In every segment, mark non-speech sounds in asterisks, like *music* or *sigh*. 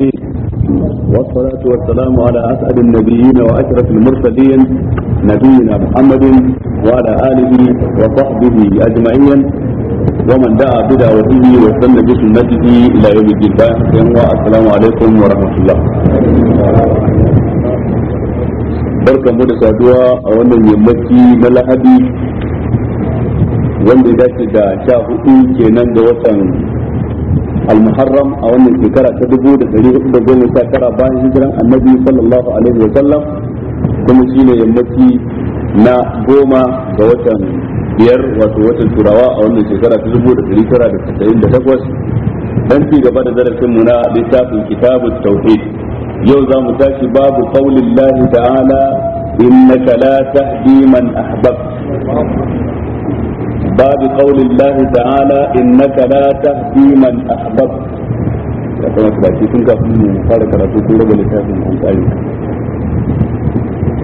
والصلاة والسلام على أسعد النبيين وأشرف المرسلين نبينا محمد وعلى آله وصحبه أجمعين ومن دعا بدعوته واستنى بسنته إلى يوم الدين السلام عليكم ورحمة الله barkan mu da saduwa a wannan yammaci na lahadi wanda ya dace da sha hudu kenan ga watan al-muharram a wannan shekara ta 1419 bayan hijiran annabi sallallahu alaihi wa sallam kuma shine yammaci na goma ga watan biyar wato watan turawa a wannan shekara ta 1998 dan ci gaba da darasin mu na littafin kitabut tauhid yau za mu tashi babu qaulin ta'ala innaka la tahdi man ahbabta باب قول الله تعالى إنك لا تهدي من أحببت akwai wasu baki sun kafin mu fara karatu kun raba littafin an tsari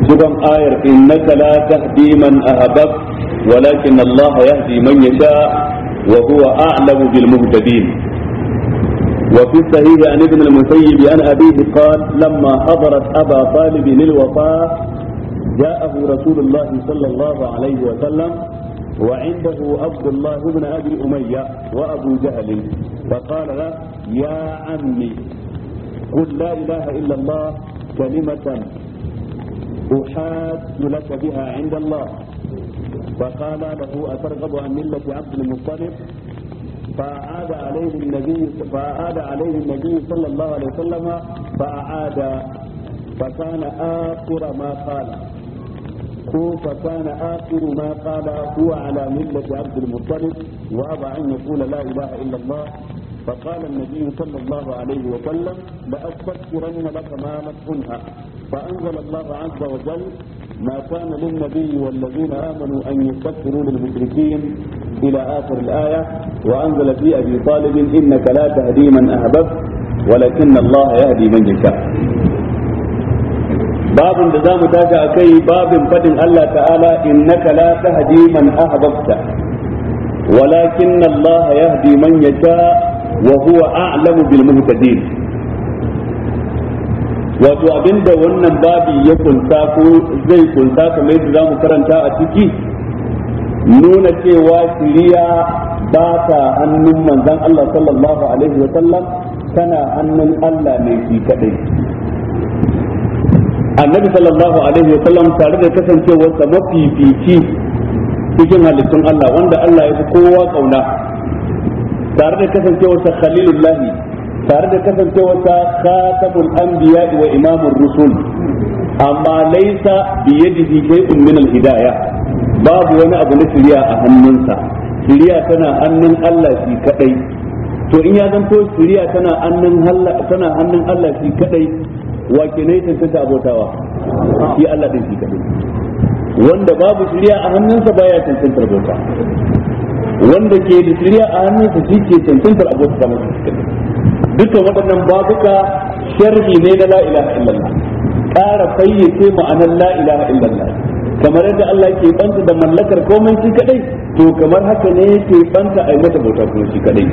sukan ayar innaka la tahdi man ahabab walakin Allah yahdi man yasha wa huwa a'lamu bil muhtadin وفي الصحيح عن ابن المسيب عن أبيه قال لما حضرت أبا طالب للوفاة جاءه رسول الله صلى الله عليه وسلم وعنده عبد الله بن ابي اميه وابو جهل فقال له يا عمي قل لا اله الا الله كلمه احاج لك بها عند الله فقال له اترغب عن مله عبد المطلب فأعاد عليه النبي فأعاد عليه النبي صلى الله عليه وسلم فأعاد فكان آخر ما قال يقول فكان آخر ما قال هو على ملة عبد المطلب وأبى أن يقول لا إله إلا الله فقال النبي صلى الله عليه وسلم لأستغفرن لك ما مدحنها فأنزل الله عز وجل ما كان للنبي والذين آمنوا أن يستغفروا للمشركين إلى آخر الآية وأنزل في أبي طالب إنك لا تهدي من أحببت ولكن الله يهدي من يشاء babin da zamu tashi kai babin faɗin Allah ta'ala innaka la tahdi man ahbabta walakin Allah yahdi man yasha wa huwa a'lamu bil muhtadin wato abinda wannan babi ya kunta ko zai kunta kamar yadda zamu karanta a ciki nuna cewa shiriya ba ta hannun manzon Allah sallallahu alaihi wa sallam tana hannun Allah ne shi kadai annabi sallallahu alaihi wa sallam tare da kasancewar sa mafifici cikin halittun Allah wanda Allah ya fi kowa kauna tare da kasancewar sa khalilullah tare da kasancewar sa khatamul anbiya wa imamur rusul amma laisa biyadihi shay'un min al-hidayah babu wani abu na shari'a a hannunsa shari'a tana hannun Allah shi kadai to in ya zanto shari'a tana hannun Allah tana hannun Allah shi kadai wa ke ne tantance abotawa shi Allah din shi kadai wanda babu shirya a hannunsa baya tantance abota wanda ke da shirya a hannunsa shi ke tantance abota masa dukkan waɗannan babuka sharhi ne na la ilaha illallah ƙara fayyace ma'anar la ilaha illallah kamar yadda Allah ke banta da mallakar komai shi kadai to kamar haka ne yake banta a yi mata bauta kuma shi kadai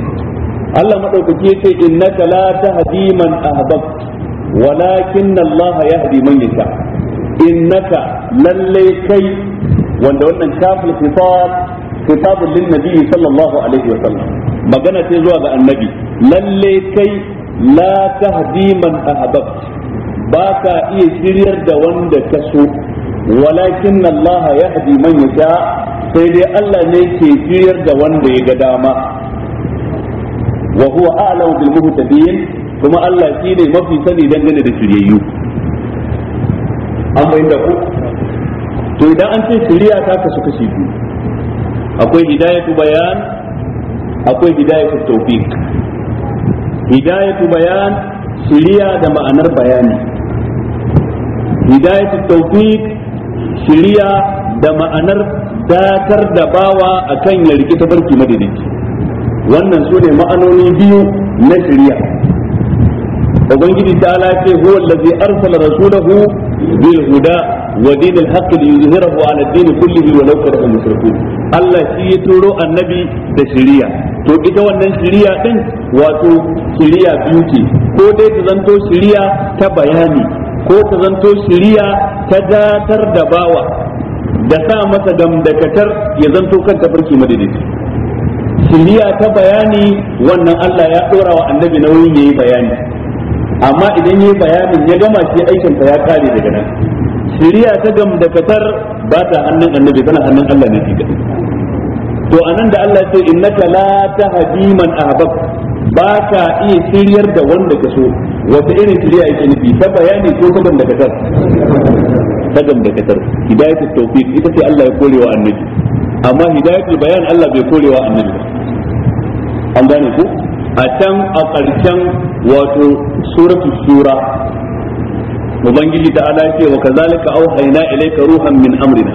Allah madaukaki yace innaka la tahdi man ahbabta walakin Allah yahdi man yasha innaka lalle kai wanda wannan kafin khitab khitabun lin nabi sallallahu alaihi wa sallam magana ce zuwa ga annabi lallai kai la tahdi man ahbab ba ka iya shiryar da wanda ka so walakin Allah yahdi man yasha sai dai Allah ne ke shiryar da wanda ya ga dama wa huwa a'lamu kuma Allah shi ne mafi sani dangane da shiryayyu an bayyana ku to idan an ce shiriya ta kasu kashi biyu akwai hidayatu bayan akwai hidayatu tawfiq hidayatu bayan shiriya da ma'anar bayani hidayatu tawfiq shiriya da ma'anar datar da bawa akan ya ta barki madadin wannan su ne ma'anoni biyu na shiriya ubangiji ta ala ce huwa allazi arsala rasulahu bil huda wa dinil haqq li yuzhirahu ala din kullihi wa law kariha mushrikun Allah shi ya turo annabi da shari'a to ita wannan shari'a din wato shari'a biyu ce ko dai ta zanto shari'a ta bayani ko ta zanto shari'a ta datar da bawa da sa masa gamdakatar ya zanto kan tafarki madadi. shiriya ta bayani wannan Allah ya dora wa annabi nauyin yayi bayani amma idan yi bayanin ya gama shi aikin ya kare daga nan shiriya ta gam da fitar ba ta hannun annabi tana hannun Allah ne shi to anan da Allah ya ce innaka la tahdi man ahbab ba ka iya shiryar da wanda ka so wata irin shiriya yake nufi ta bayani ko ta gam da fitar ta gam da katar hidayatul tawfiq ita ce Allah ya korewa annabi amma hidayatul bayan Allah bai korewa annabi an gane ku a can a ƙarshen wato suratu sura ubangiji ta ala ce wa kazalika auhayna ilayka ruhan min amrina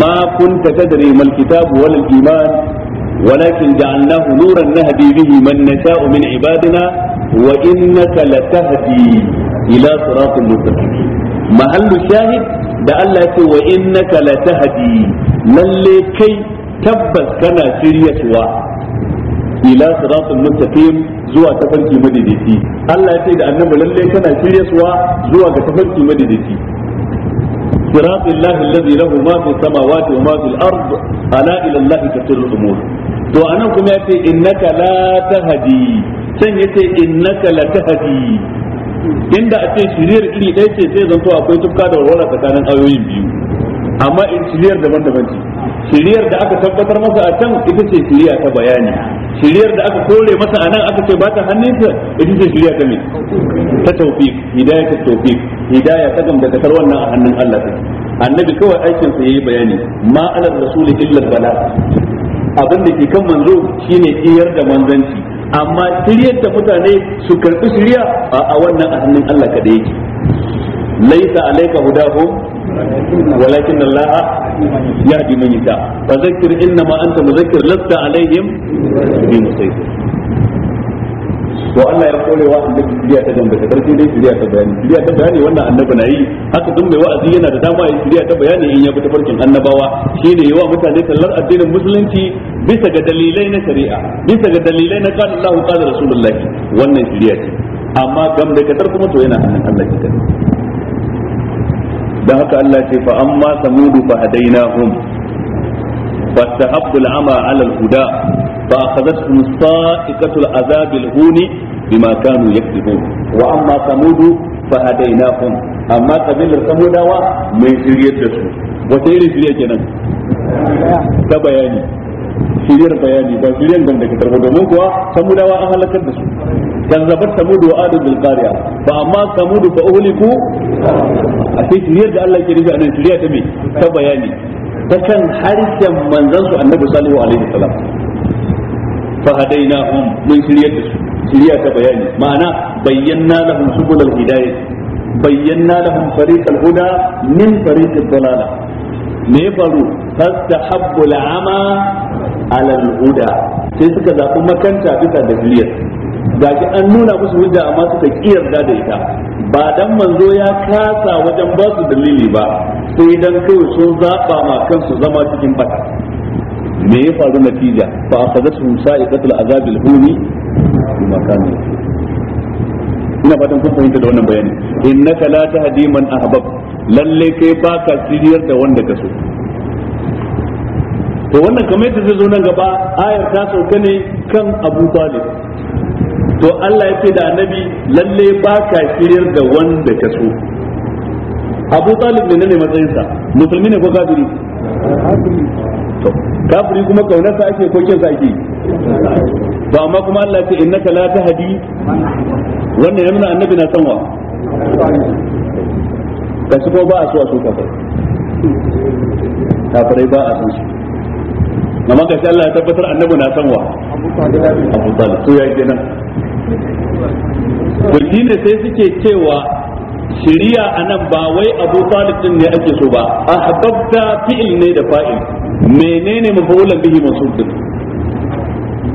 ma kunta tadri mal kitab wal iman walakin ja'alnahu nuran nahdi bihi man nasha'u min ibadina wa innaka latahdi ila siratin mustaqim mahallu shahid da Allah ya ce wa innaka latahdi lalle kai tabbas kana shiryatuwa ila siratul mustaqim zuwa tafarki madaidaici Allah ya ce da annabi lalle kana shiryarwa zuwa ga tafarki madaidaici صراط الله الذي له ما في السماوات وما في الأرض ألا إلى الله تسير الأمور to anan kuma yace innaka la tahdi san yace innaka la tahdi inda a ce shiriyar iri ɗaya ce sai zanto akwai tufka da walwala tsakanin ayoyin biyu amma in shiriyar daban-daban ce shiriyar da aka tabbatar masa a can ita ce shiriya ta bayani shiriyar da aka kore masa a nan aka ce ba ta hannunsa ita ce shiriya ta mai. ta hidaya ta hidaya ta ta daga wannan a hannun Allah ta annabi kawai aikin sa yayi bayani ma ala rasuli illa bala abin da ke kan manzo shine iyar da manzanci amma shiriyar da mutane su karbi shiriya a wannan a hannun Allah kada yake laisa alayka hudahum walakin Allah yahdi man yasha fa zakkir innama anta muzakkir lasta alaihim bi musaytir to Allah ya kore wa annabi shiriya ta dan bata karshe dai shiriya ta bayani shiriya ta bayani wannan annabi na yi haka duk mai wa'azi yana da dama yin shiriya ta bayani in ya bi tafarkin annabawa shine yawa mutane tallar addinin musulunci bisa ga dalilai na shari'a bisa ga dalilai na qala Allahu qala rasulullahi wannan shiriya ce amma gam da kadar kuma to yana hannun Allah ne dan haka Allah ce fa amma samudu fa hadainahum fastahabbu al'ama 'ala al-huda fa akhadathhum sa'iqatu al-'adhab al-huni bi bima kanu yaktubun wa amma samudu fa hum amma kabilar samudawa mai shiryar da su wata iri shirye kenan ta bayani shiriyar bayani ba ban da kitar domin kuwa samudawa an halakar da su kazzabat samudu wa adu bil qariya amma samudu fa uhliku a sai shiriyar da Allah ke a nan shiriya ta me ta bayani ta kan harshen manzon su annabi sallallahu alaihi wasallam fa hadainahum mun shiriyar da su shiriya ta bayani ma'ana bayyana lahum subul hidayah bayyana lahum fariqal huda min fariqid dalalah me ya faru habbul ama ala al-huda sai suka zaɓi makanta bisa da Ga shi an nuna musu hujja amma suka yarda da ita ba dan manzo ya kasa wajen ba su dalili ba sai dan kawai sun zaɓa ma kansu zama cikin bata me ya faru natija fa musa sa'iqatul azab al-huni makani ina fatan kun fahimta da wannan bayani innaka la tahdi man ahbabta lalle kai ka siriyar da wanda ka so to wannan kamar yadda zai zo nan gaba ayar ta sauka ne kan Abu Talib to Allah ya ce da annabi lalle ka siriyar da wanda ka so Abu Talib ne ne matsayinsa musulmi ne ko kafiri kafiri kuma kaunarsa ake ko kinsa ake to amma kuma Allah ya ce innaka la tahdi wannan yana annabi na sanwa ga su ba a so a so kafirai kafirai ba a san su na ga shi Allah ya tabbatar annabi na san wa Abu Talib su ya kenan to ne sai suke cewa shiriya anan ba wai Abu Talib din ne ake so ba ahbabta fi'il ne da fa'il menene mafulan bihi mansub din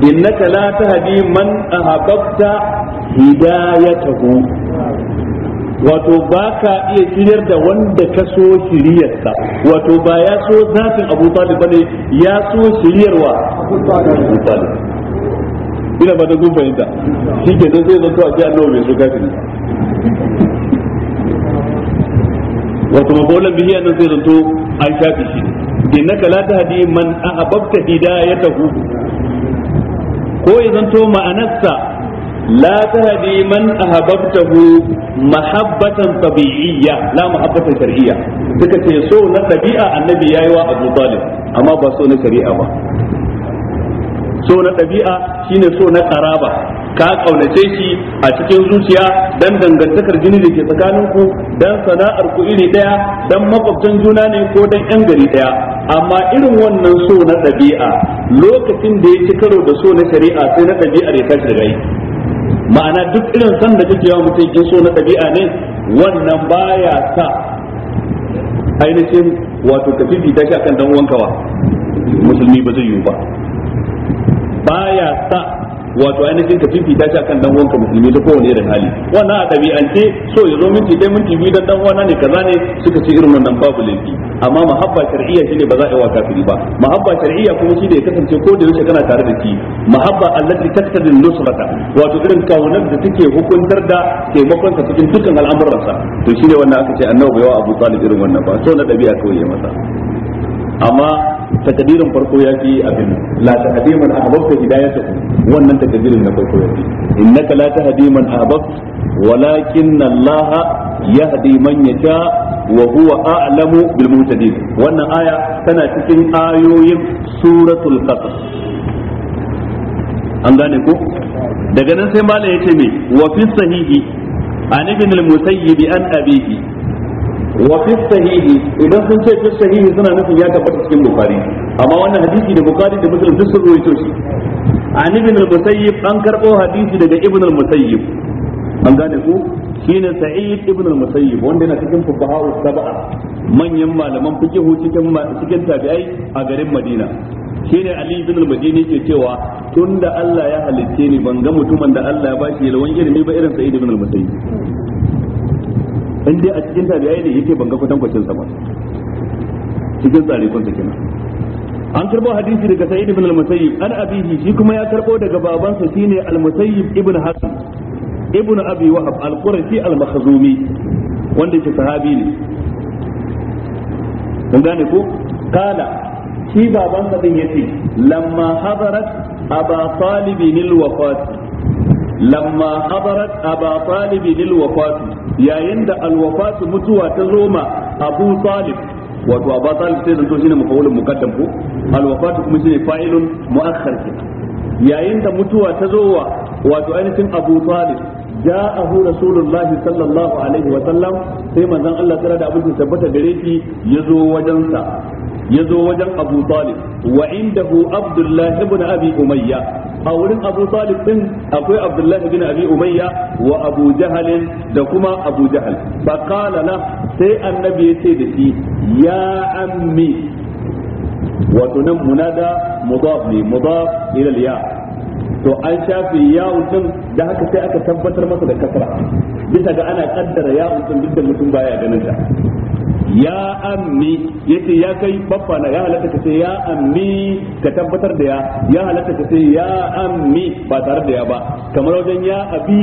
innaka la tahdi man ahbabta hidayatahu wato ba ka iya shiryar da wanda ka so shiryarsa wato ba ya so zafin abu talib bane ya so shiryarwa abu talib ina ba da kun fahimta shi ke zai zanto a ji annawa mai so kafin wato mabolan bihi annan zai zanto an shafi shi innaka la tahdi man ahbabta hidayatahu ko ya zanto ma'anarsa لا تهدي من أحببته محبة طبيعية لا محبة شرعية تكتي سوء الطبيعة النبي يا أبو طالب أما بسوء شريعة با so na ɗabi'a shine so na ba, ka ƙaunace shi a cikin zuciya dan dangantakar jini da ke tsakanin ku dan sana'ar ku iri ɗaya dan makwabtan juna ne ko dan yan gari ɗaya amma irin wannan so na ɗabi'a lokacin da ya ci karo da so na shari'a sai na ɗabi'a ya tashi daga ma'ana duk irin san da kake yawa mutum kin so na ɗabi'a ne wannan baya sa ainihin wato ka fifita shi akan dan uwanka wa musulmi ba zai yiwu ba baya sa wato ainihin ka fifita shi akan dan uwanka musulmi da kowane irin hali wannan a ɗabi'ance so ya zo minti dai minti biyu da dan uwana ne kaza ne suka ci irin wannan babu laifi amma mahabba shar'iyya shine ba za a yi wa kafiri ba mahabba shar'iyya kuma shine ya kasance ko da yaushe kana tare da shi mahabba allati taqtadi nusrata wato irin kawunan da take hukuntar da taimakon sa cikin dukkan al'amuransa to shine wannan aka ce annabi bai wa Abu Talib irin wannan ba so na dabi'a kawai ya masa amma takadirin farko ya fi abin la tahdi man ahbabta hidayata wannan takadirin na farko ya fi innaka la tahdi man ahbabta walakin Allah yahdi man yasha wa huwa a'lamu bil muhtadin wannan tana cikin ayoyin suratul kasa. an gane ko daga nan sai mala yace me wa sahihi an ibn al an abihi wa sahihi idan sun ce fi sahihi suna nufin ya tabbata cikin bukhari amma wannan hadisi da bukhari da sun an ibn an hadisi daga ibn musayyib an gane Shi shine sa'id ibn al-musayyib wanda yana cikin fuqaha sab'a manyan malaman fiqh cikin cikin tabi'ai a garin Madina shine Ali ibn al-Madini ke cewa tunda Allah ya halicce ni ban ga mutumin da Allah ya bashi lawan ilimi ba irin sa'id ibn al-musayyib inda a cikin tabi'ai ne yake ban ga kwatankwacin sa ba cikin tsare kun kenan an karbo hadisi daga sa'id ibn al-musayyib an abihi shi kuma ya karbo daga babansa shine al-musayyib ibn hasan ibn abi wahab al-qurashi al-makhzumi wanda yake sahabi ne kun gane ko kala shi babansa sa din yace lamma hadarat aba talib lil wafat lamma hadarat aba talib lil wafat da mutuwa ta zoma abu wato abu talib sai zanto shine mafa'ulun muqaddam ko al kuma shine fa'ilun mu'akhkhar yayin da mutuwa ta zo wa wato ainihin abu talib ja'ahu rasulullah sallallahu alaihi wa sallam sai manzon Allah tsara da abin tabbata gare shi yazo wajen sa yazo wajen Abu Talib wa indahu Abdullah ibn Abi Umayya a wurin Abu Talib akwai Abdullahi bin Abi Umayya wa Abu da kuma Abu Jahal fa sai annabi yace da shi ya ammi wato ne to an shafe ya din da haka sai aka tabbatar masa da kasra bisa ga ana kaddara ya din duk da mutum baya ganin ta ya ammi yace ya kai baffa na ya halatta ka sai ya ammi ka tabbatar da ya ya halatta ka sai ya ammi ba tare da ya ba kamar wajen ya abi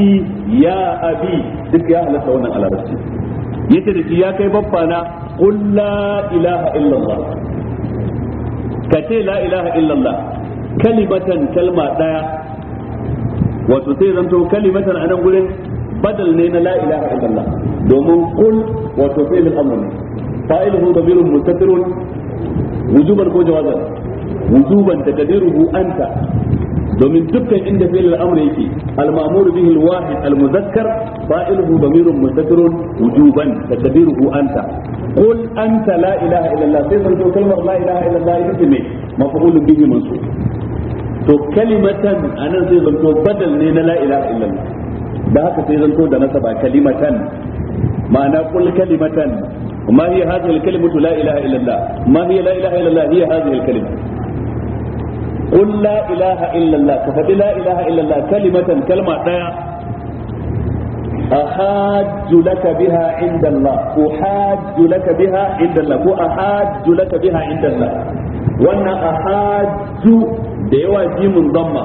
ya abi duk ya halatta wannan alarabci yace da shi ya kai baffa na qul la ilaha illallah ka ce la ilaha illallah kalimatan kalma daya wato sai zanto kalimatan a nan gurin badal ne na la ilaha illallah domin kul wato fi'il al-amr ne fa'iluhu damirun mustatirun wujuban ko jawazan wujuban taqdiruhu anta domin dukkan inda fi'il al-amr yake al-ma'mur bihi al-wahid al-muzakkar fa'iluhu damirun mustatirun wujuban taqdiruhu anta qul anta la ilaha illallah sai zanto kalmar la ilaha illallah ita ce maf'ulun bihi mansub to kalimatan anan sai zanto badal ne na la ilaha illallah da haka sai zanto da nasaba kalimatan ma'ana kul kalimatan ma hiya hadhihi al-kalimatu la ilaha illallah ma hiya la ilaha illallah hiya hadhihi al-kalimah قل لا إله إلا الله كفت لا إله إلا الله كلمة كلمة أحاج لك بها عند الله أحاج لك بها عند الله وأحاج لك بها عند الله وأنا أحاج da yawa jimin zamma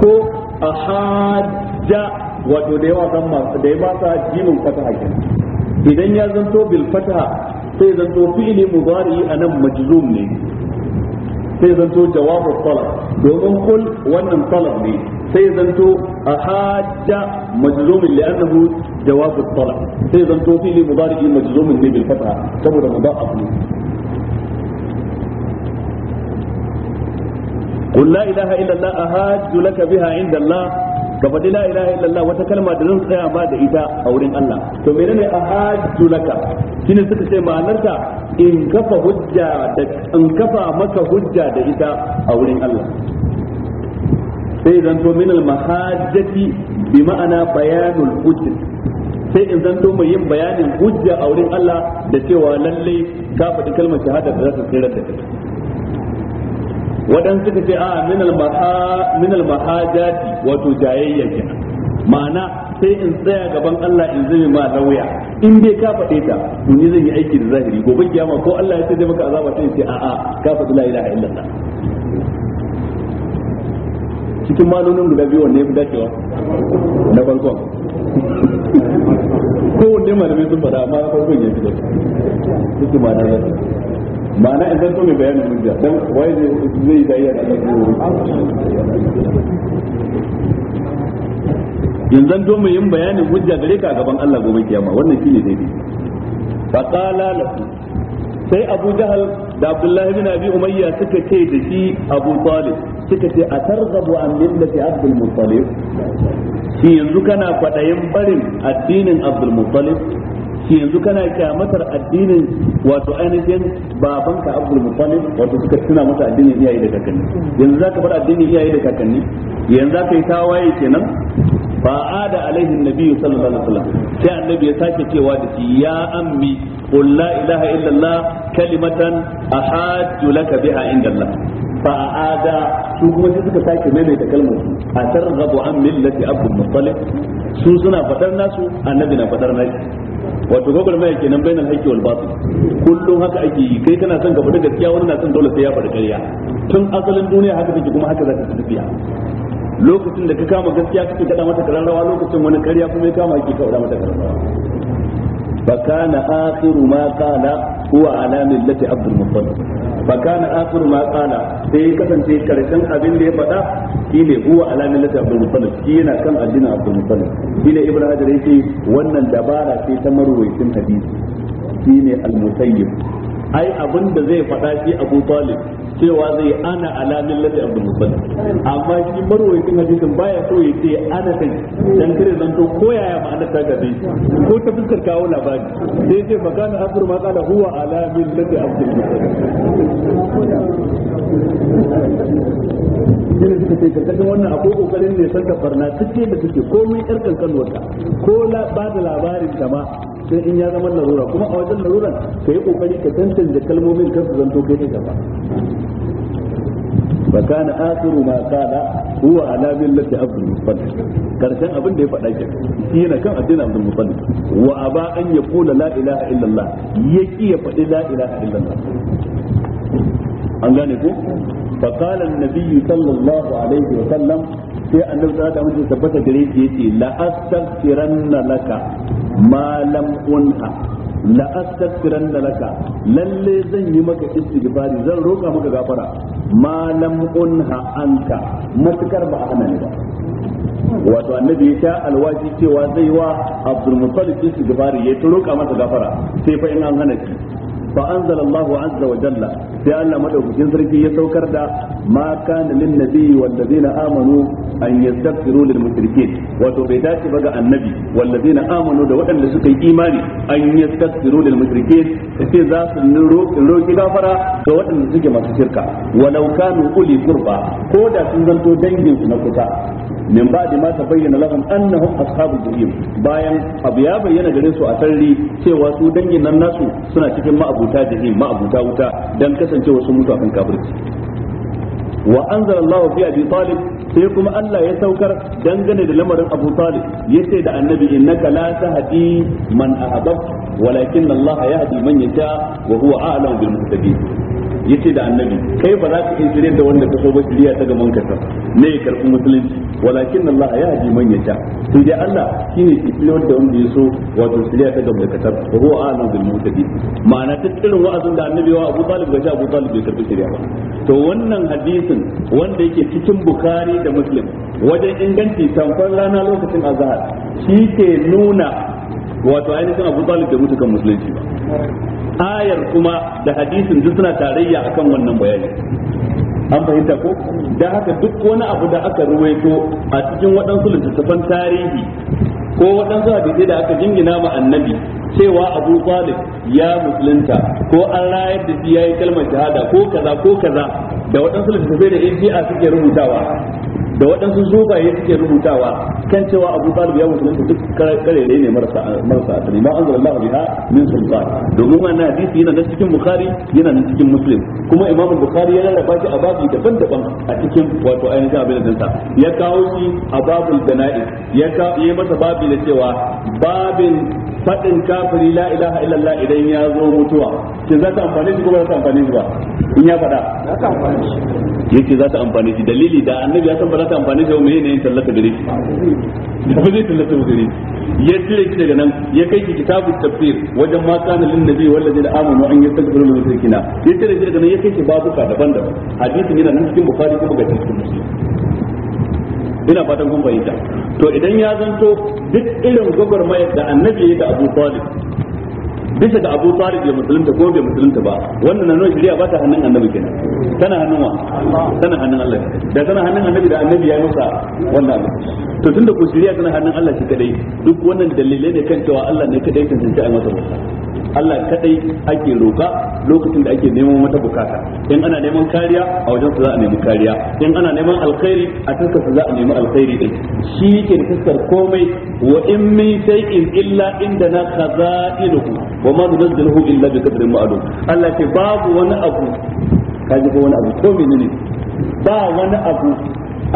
ko a hajja wato da yawa zamma da ya basa jimin fataha kenan idan ya zanto bil fataha sai zanto fi'li mudari anan majzum ne sai zanto jawabu talab domin kul wannan talab ne sai zanto a hajja majzumin li'annahu jawabu talab sai zanto fi'li mudari majzumin ne bil fataha saboda mudaf ne qul la ilaha illallah ahajju laka biha inda Allah ka faɗi illallah wata kalma da zan tsaya ma da ita a wurin Allah to menene ahajju laka shine suka ce ma'anarta in kafa maka hujja da ita a wurin Allah sai zanto min al bi ma'ana hujja sai in zanto mai yin bayanin hujja a wurin Allah da cewa lalle ka faɗi kalmar shahada da za ta tsira da kai wadan suka ce a min al-mahajati wato jayayya kenan ma'ana sai in tsaya gaban Allah in zame ma lauya in bai ka faɗe ta to ni zan yi aiki da zahiri gobe kiyama ko Allah ya ce zai maka azaba sai ce a a ka faɗi la ilaha illallah cikin malonin guda biyu wanne ya fi dacewa na farko *laughs* ko wanne malamai sun faɗa amma na farkon ya fi dacewa cikin malonin ma'ana in zanto mai bayanin hujja dan waye zai yi da dariya da in zanto mai yin bayanin hujja gare ka gaban Allah gobe kiyama wannan shine daidai fa qala lahu sai Abu Jahal da Abdullahi ibn Abi Umayya suka ce da shi Abu Talib suka ce atarghabu an millati Abdul Muttalib shi yanzu kana kwadayin barin addinin Abdul Muttalib yanzu kana kyamatar addinin wato ainihin babanka abdul mutalib wato suka tuna masa addinin iyaye da kakanni yanzu zaka bar addinin iyaye da kakanni yanzu zaka yi tawaye kenan ba ada alaihi nabi sallallahu alaihi wasallam sai annabi ya sake cewa da shi ya ammi qul la ilaha illallah kalimatan ahajju laka biha inda Allah fa'ada su kuma sai suka sake maimaita kalmar su a targhabu an millati abdul muttalib su suna fadar nasu annabi na fadar nasu wato gogol mai kenan bainal haqqi wal batil kullum haka ake yi kai kana son ka fada gaskiya wani na son dole sai ya fada ƙarya tun asalin duniya haka take kuma haka za ta tafiya lokacin da ka kama gaskiya kake kada mata kararrawa lokacin wani ƙarya kuma ya kama kake kada mata kararrawa فكان آخر ما قال هو على ملة عبد المطلب فكان آخر ما قال sai kasance karshen abin da ya faɗa shine huwa ala millati abdul muttalib yana kan addinin abdul muttalib shine ibnu hajar yace wannan dabara sai ta marwayacin hadisi shine al ai abin da zai faɗa shi Abu Talib cewa zai ana alamin millati abu Muttalib amma shi marwayin hadisin baya so ya ce ana kai dan kare zanto ko yaya ma'anar ta gabe ko ta fuskar kawo labari sai ce magana akhir ma qala huwa ala millati Abdul Muttalib shine suka ce karkashin wannan akwai kokarin ne sarka barna suke da suke komai yar kankanuwarta ko ba da labarin ta ma sai in ya zama larura kuma a wajen laruran ka yi ƙoƙari ka tantance canja kalmomin kan su zanto kai ne gaba fa kana akhiru ma kana huwa ala millati abdul muttalib karshen abin da ya faɗa ke shi yana kan addinin abdul muttalib wa aba an yaqula la ilaha illallah yaki ya faɗi la ilaha illallah an gane ko fa qala an-nabi sallallahu alaihi wa sallam sai annabi sallallahu alaihi wasallam tabbata gare shi yace la astaghfiranna laka ma lam unha la astaghfiranna laka lalle zan yi maka istighfari zan roka maka gafara ma lam unha anka matukar ba hana ni ba wato annabi ya ta alwaji cewa zai wa abdul mutalib istighfari ya roka masa gafara sai fa in an hana shi fa anzalallahu azza wa jalla sai Allah madaukakin sarki ya saukar da ma kana bai dace ba ga annabi wal amanu da waɗanda suka yi imani an yastaghfiru lil mushrikeen gafara ga waɗanda suke masu shirka walau kanu uli qurba ko da sun zanto na kusa ma bayan abu ya bayyana su a cewa su suna cikin ma'abu ma'abuta jahim ma'abuta wuta dan kasancewa sun mutu akan wa anzalallahu fi abi talib sai kuma Allah ya saukar dangane da lamarin Abu Talib yace da annabi innaka la tahdi man ahbab walakin Allah yahdi man yasha wa huwa a'lamu bil muhtadin yace da annabi kai ba za ka iya shirye da wanda ka so ba shirya ta ga munkasa ne ya karɓi musulunci walakin Allah ya haji man ya sha to dai Allah shine ke shirye da wanda ya so wato shirya ta ga munkasa ko a nan bil muhtadin ma'ana ta irin wa'azin da annabi wa Abu Talib ga shi Abu Talib bai karɓi shirya ba to wannan hadisin wanda yake cikin Bukhari da Muslim wajen inganci tamfar rana lokacin azhar shi ke nuna wato ainihin Abu Talib da mutukan musulunci ba ayar kuma da hadisin duk suna tarayya akan wannan bayani an fahimta ko da haka duk wani abu da aka ruwaito a cikin waɗansu littattafan tarihi ko waɗansu hadisai da aka jingina ma annabi cewa abu talib ya musulunta ko an rayar da shi ya yi kalmar shahada ko kaza ko kaza da waɗansu littattafai da yan suke rubutawa da waɗansu zubaye suke rubutawa kan cewa Abu Talib ya mutu duk kare ne marasa marasa asali ma anzalallahu biha min sultan domin wannan hadisi yana nan cikin Bukhari yana nan cikin Muslim kuma Imam Bukhari ya rarraba shi a babu daban-daban a cikin wato ainihin abin dinsa ya kawo shi a babul janaiz ya yi masa babu da cewa babin fadin kafiri la ilaha illallah idan ya zo mutuwa ki za ta amfani shi kuma za ta amfani shi ba in ya faɗa za ta amfani shi za ta amfani shi dalili da annabi ya san ba za ta amfani da mai yanayin tallata gare ki da ba zai tallata ba gare ya cire ki daga nan ya kai ki kitabu tafsir wajen ma kana lin nabi wallazi da amanu an yastaghfiru lil mushrikina ya cire ki daga nan ya kai ki babuka daban-daban hadisin yana nan cikin bukhari kuma ga cikin muslim ina fatan kun fahimta to idan ya zanto duk irin gwagwarmayar da annabi ya da Abu Talib bisa ga Abu Talib ya musulunta ko bai musulunta ba wannan na nuna shari'a ba ta hannun annabi kenan tana hannun wa tana hannun Allah da tana hannun annabi da annabi ya masa wannan abu to tunda ko shari'a tana hannun Allah shi kadai duk wannan dalilai ne kan cewa Allah ne kadai kan tantance a masa Allah kadai ake roka lokacin da ake neman mata bukata in ana neman kariya a wajen su za a nemi kariya in ana neman alkhairi a su za a nemi alkhairi din shi yake da komai wa in min shay'in illa inda indana khaza'inuhu wa ma nunzilu illa bi qadrin ma'lum Allah ce babu wani abu kaji ko wani abu ko menene ba wani abu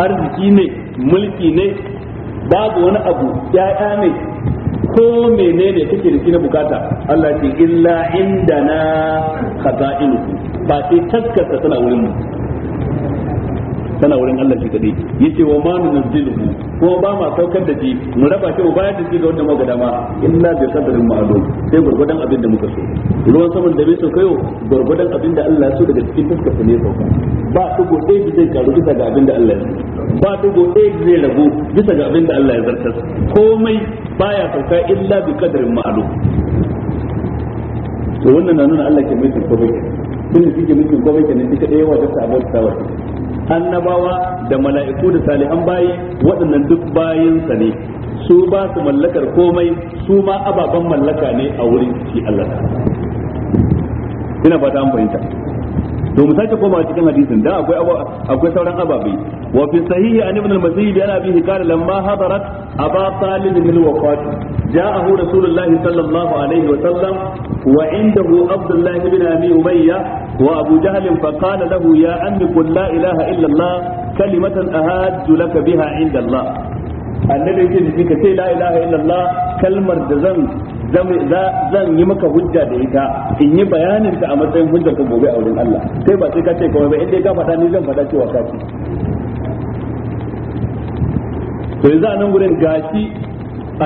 arziki ne mulki ne babu wani abu ya'ya ne ko menene kake da shi na bukata Allah ce illa indana khaza'inu ba sai taskarta tana wurin mu tana wurin Allah shi kadai yace wa ma nunzilu ko ba ma saukar da shi mu raba shi mu bayar da shi ga wanda muka dama illa bi qadarin ma'lum sai gurgudan abin da muka so ruwan saman da bai sauka yau gurgudan abin da Allah so daga cikin fuskar ne sauka ba dugo ɗaya da zai karu bisa ga abin da Allah ya ba dugo ɗaya da zai rabu bisa ga abin da Allah ya zartar komai baya sauka illa bi qadarin ma'lum to wannan na nuna Allah ke mai tsofai kin suke mutum bai kenan duka ɗaya wa da sabon sawa annabawa da mala'iku da salihan bayi waɗannan duk bayansa ne su ba su mallakar komai su ma ababen mallaka ne a wurin shi Allah ina fata an fahimta to mu sake koma cikin hadisin da akwai akwai sauran ababai wa fi sahihi an ibn al-masih bi abi qala lamma hadarat aba talib min al-wafat ja'ahu rasulullah sallallahu alaihi wa sallam wa indahu abdullah ibn abi umayya wa abu jahl fa qala lahu ya ammi qul la ilaha illa allah kalimatan ahajju laka biha inda allah annabi yake da shi ka ce la ilaha illallah kalmar da zan zan yi maka hujja da ita in yi bayanin ta a matsayin hujja ka gobe a wurin Allah kai ba sai ka ce kawai ba in ya ka faɗa ni zan faɗa cewa ka ce to yanzu a nan gurin gashi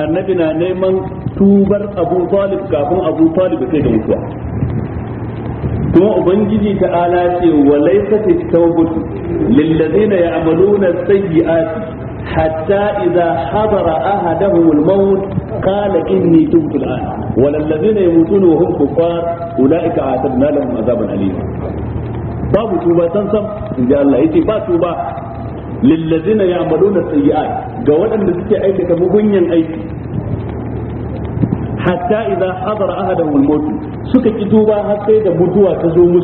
annabi na neman tubar Abu Talib kafin Abu Talib sai da mutuwa kuma ubangiji ta ala ce wa laysat at-tawbatu lil ladina ya'maluna sayyiati حتى إذا حضر أهدهم الموت قال إني تبت الآن وللذين يموتون وهم كفار أولئك عاتبنا لهم عذابا أليما باب توبة تنصب إن جاء الله يتي توبة للذين يعملون السيئات قول أن ذكي أيك مبنيا أيك حتى إذا حضر أهدهم الموت سكت توبة حتى إذا مدوا تزوم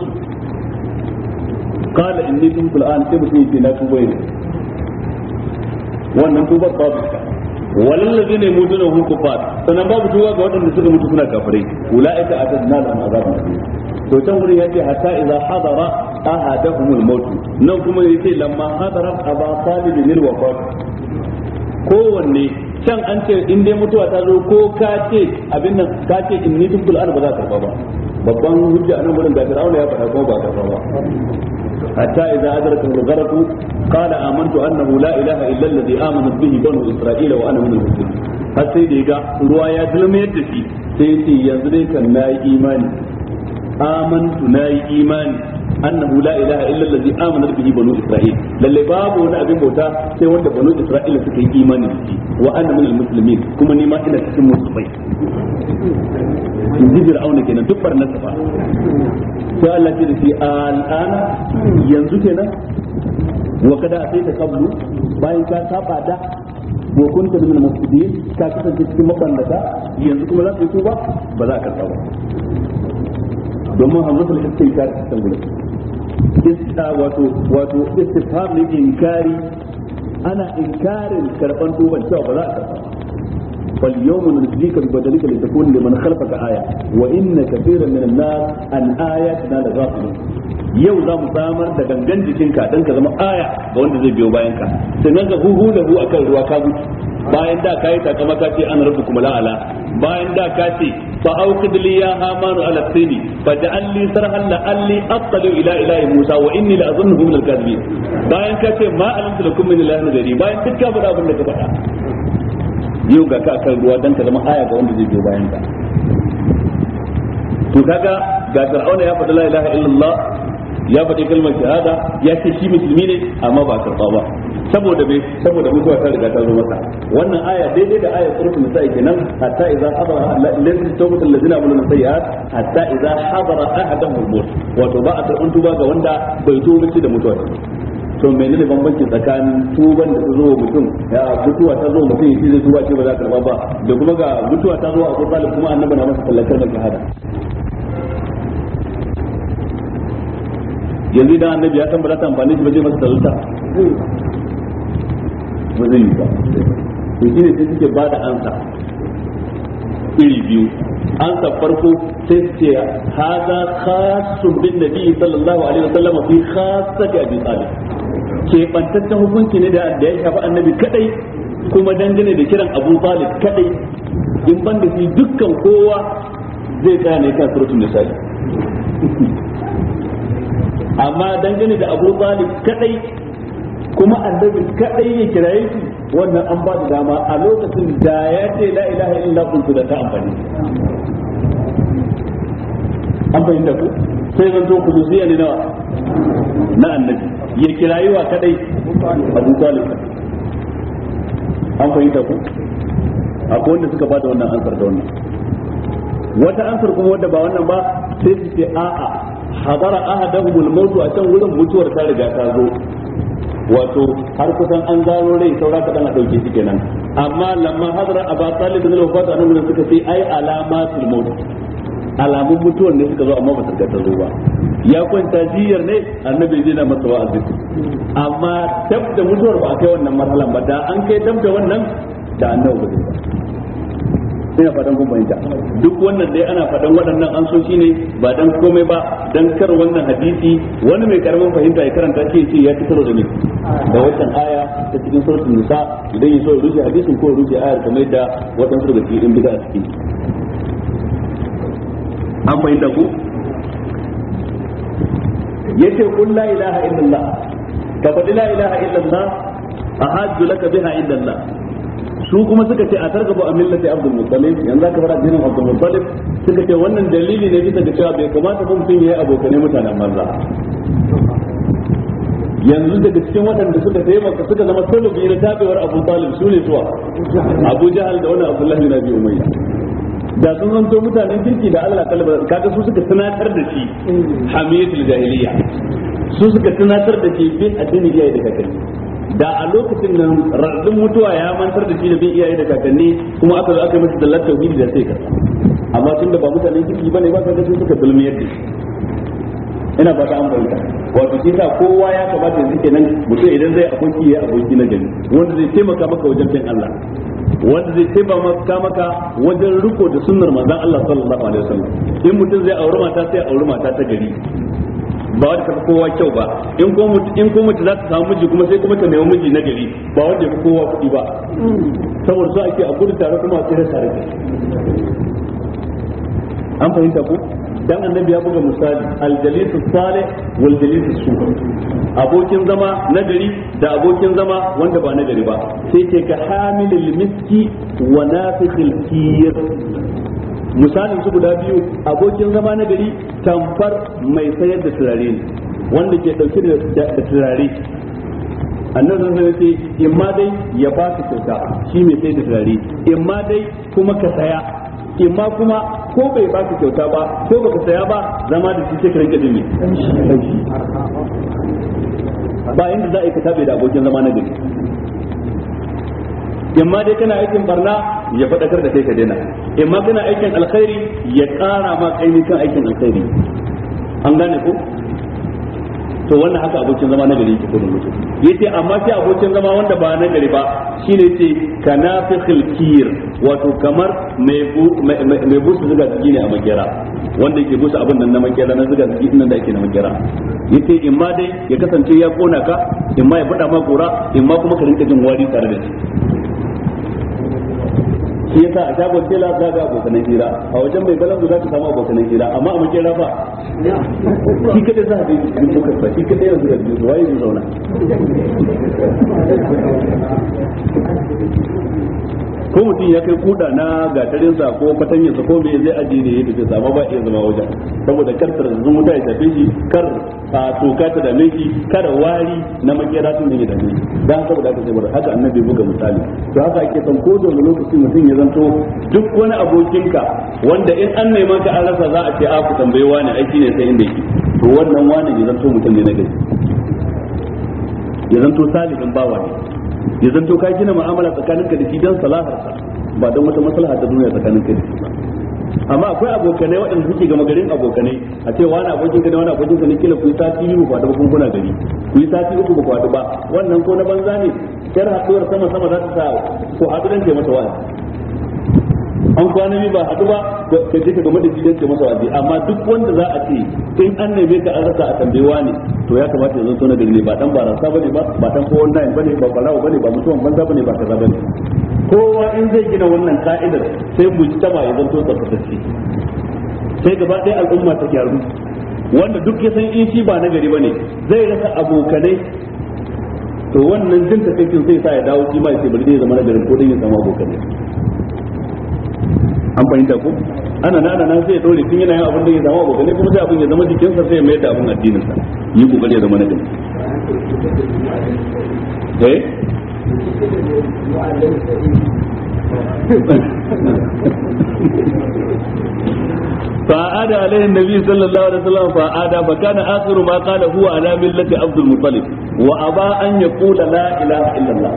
قال إني تبت الآن تبت إني تبت wannan tubar babu ta walal ladina yamutuna hum kuffar sanan babu tuba ga waɗanda suka mutu suna kafirai ulaika atadna lahum azabun alim to can wurin yace hatta idza hadara ahadahum al-maut nan kuma yace lamma hadara aba talib lil wafat kowanne can an ce in dai mutuwa ta zo ko ka ce abin nan ka ce in ni tumbul an ba za ka karba ba babban hujja anan gurin da Fir'auna ya faɗa ko ba ka ba hatta idza adraka al-gharq qala amantu annahu la ilaha illa alladhi amanat bihi banu isra'ila wa ana minal muslimin har sai da ga ruwa ya dulme yadda shi sai ce yanzu dai kan nayi imani amantu nayi imani annahu la ilaha illa allazi amana bihi banu isra'il lalle babu wani abin bauta sai wanda banu isra'ila suka yi imani da shi wa anna minal muslimin kuma ni ma ina cikin musulmai inji fir'auna kenan duk barnar sa fa sai Allah ce da shi al'ana yanzu kenan wa kada sai ta kablu bayan ka saba da wa kunta min al-mufsidin kasance cikin yanzu kuma za yi ba za ka ba domin hamzatul istikar cikin gurin Ah, wato wato istifham ne inkari ana inkarin karban tuban cewa ba za a karba فاليوم نجزيك ببدلك لتكون لمن خلفك آية وإن an من الناس عن آياتنا لغافلون yau za mu samar da gangan jikinka don ka zama aya ga wanda zai biyo bayanka sannan ka huhu da hu akan ruwa ka gudu bayan da ka yi takama ka ce an rabu kuma la'ala bayan da ka ce fa awqid li ya hamanu ala sini fa sarhan la alli attali musa wa inni la azunnuhu min al-kadhibin bayan ka ce ma alamtu bayan duk ka faɗa ka faɗa yau ga ka akan ruwa dan zama aya ga wanda zai biyo bayan ka to ga fir'auna ya faɗi la ilaha ya faɗi kalmar shahada ya ce shi musulmi ne amma ba karɓa ba saboda me saboda mutuwa ta riga ta zo masa wannan aya daidai da aya surutun nisa kenan hatta idza hadara laysa tawbatu allazina amanu sayyi'at hatta idza hadara ahadahum al-maut wato ba a karɓan tuba ga wanda bai tuba da mutuwa to menene bambanci tsakanin tuban da ta zo mutum ya mutuwa ta zo mutum yace zai tuba ce ba za ka karba ba da kuma ga mutuwa ta zo a kurbalin kuma annabi na masa kallakar da shahada yanzu idan annabi ya san ba za ta amfani shi ba zai masa talata ba zai yi ba to shine sai suke ba da ansa iri biyu ansa farko sai su ce haza khassun bin nabi sallallahu alaihi wa sallam fi ga abi talib ke bantaccen hukunci ne da ya shafi annabi kadai kuma dangane da kiran abu talib kadai in ban da shi dukkan kowa zai tsaya ne kan surutun nisa'i amma dangane da Abu Talib kadai kuma annabi kadai ya kiraye shi wannan an ba da dama a lokacin da ya ce la ilaha illa kuntu da ta amfani an fahimta ku sai zan zo khususiyya ne nawa na annabi ya kiraye wa kadai Abu Talib an fahimta ku akwai wanda suka bada wannan ansar da wannan wata ansar kuma wadda ba wannan ba sai su ce a'a habara ahadahum al-maut a can wurin mutuwar ta riga ta zo wato har kusan an zaro rai saura ka dana dauke shi kenan amma lamma hadara aba talib bin al-wafat annabi ne suka ce ai alamatul maut alamun mutuwar ne suka zo amma ba su ta zo ba ya kwanta jiyar ne annabi zai na masa wa'azi amma tab da mutuwar ba a kai wannan marhalan ba da an kai tab wannan da annabi ba ina fadan kun duk wannan dai ana fadan waɗannan an so shine ba dan komai ba dan kar wannan hadisi wani mai karamin fahimta ya karanta shi ce ya fitar da ni da wannan aya ta cikin suratul nisa idan ya so ya rufe hadisin ko ya rufe ayar kamar yadda waɗansu daga cikin bid'a suke an fahimta ku yace kul la ilaha illallah ka faɗi la ilaha illallah ahaddu laka biha illallah su kuma suka ce a targaba a millati abdul muttalib yanzu aka fara addinin abdul muttalib suka ce wannan dalili ne bisa ga cewa bai kamata ba mutum yayi abokanai mutanen banza yanzu daga cikin waɗanda suka taimaka suka zama sababi na tabewar abu talib su ne zuwa abu jahal da wani abdullahi na biyu mai. da sun zanto mutanen kirki da Allah kalba kaga su suka tunatar da shi hamiyatul jahiliya su suka tunatar da shi bin addini yayi da kai da a lokacin nan raɗin mutuwa ya mantar da shi da bin iyaye da kakanni kuma aka zo aka yi masa dallar tauhidi da sai ka amma tun da ba mutanen ba ne ba kaga sun suka dulmiyar da shi ina ba ta an bayyana wato shi sa kowa ya kamata zike nan mutum idan zai aboki ya aboki na gani wanda zai taimaka maka wajen bin Allah wanda zai taimaka maka wajen riko da sunnar manzon Allah sallallahu alaihi wasallam in mutum zai auri mata sai auri mata ta gari ba wanda tafi kowa kyau ba in ko in ko za ta samu miji kuma sai kuma ta nemi miji na gari ba wanda ya kowa kuɗi ba saboda su ake a gudu tare kuma a tsira tare da an fahimta ko dan annabi ya buga misali aljalisu salih wal jalisu su abokin zama na gari da abokin zama wanda ba na gari ba sai ce ka hamilil miski wa nafikhil kir misalin su guda biyu abokin zama na gari tamfar mai sayar da turare ne wanda ke dauke da turare annan zan zai ce in ma dai ya ba ka kyauta shi mai sayar da turare in ma dai kuma ka saya in ma kuma ko bai ba ka kyauta ba ko ka saya ba zama da shi sai ka rinka jini ba yanda za a yi ka bai da abokin zama na gari imma dai kana aikin barna ya faɗakar da kai ka daina imma kana aikin alkhairi ya ƙara ma kaimi kan aikin alkhairi an gane ko to wannan haka abokin zama na gari ke gudun mutum yace amma shi abokin zama wanda ba na gari ba shine yace kanafikhil kir wato kamar mai bu mai bu zuga zugi ne a makera wanda yake busa abin nan na makera na zuga zugi nan da yake na makera yace in ma dai ya kasance ya kona ka in ma ya fada ma gora in ma kuma ka rinka jin wari tare da shi shi yasa a shagon tela za ga abokanan hira a wajen mai balan za ka samu abokanan hira amma a makera ba shi kada za a bi cikin sukar ba shi kada yanzu da biyu waye zai zauna ko mutum ya kai kuda na sa ko sa ko me zai ajiye ne yadda zai sama ba iya zama wajen saboda kar zan wuta ya tafi shi kar a toka ta da shi kar wari na makera sun da dame shi dan saboda haka sai bar haka annabi buga misali to haka ake son ko da lokacin mutum ya zanto duk wani abokinka wanda in an nema ka an rasa za a ce a ku tambayi wani aiki ne sai inda yake to wannan wani ya zanto mutum ne na gari ya zanto salihin bawa ne ya zanto ka gina mu'amala tsakanin da shi don salaharsa ba don wata maslaha ta duniya tsakaninka da shi ba amma akwai abokanai waɗanda suke gama garin abokanai a ce wani abokin ka ne wani abokin ka ne kila kuyi sati biyu ba da kun kuna gari kuyi sati uku ba kwadu ba wannan ko na banza ne yar haɗuwar sama sama za ta sa ku haɗu dan masa wa'azi an kwana bi ba haɗu ba ka je ka ga da gidan ka masa waje amma duk wanda za a ce in an neme ka an rasa a tambayewa ne to ya kamata ya zo tona gari ne ba dan barasa bane ba ba dan kowa nayin bane ba kwalawa bane ba mutuwan banza bane ba kaza bane kowa in zai gina wannan ka'idar sai mu taba ya zanto tsaftatacce sai gaba ɗaya al'umma ta gyaru wanda duk ya san in ba na gari bane zai rasa abokanai to wannan jin takaicin zai sa ya dawo shi ma ya ce bari zai zama na garin ko dan ya samu abokanai an fahimta ko ana na sai ya dore tun yana yin abin da ya zama abokanai kuma sai abin ya zama sa sai ya mayar da abin addinin sa yi kokari ya zama na din eh فعاد عليه النبي صلى الله عليه وسلم فعاد فكان آخر ما قال هو على عبد المطلب يقول لا الله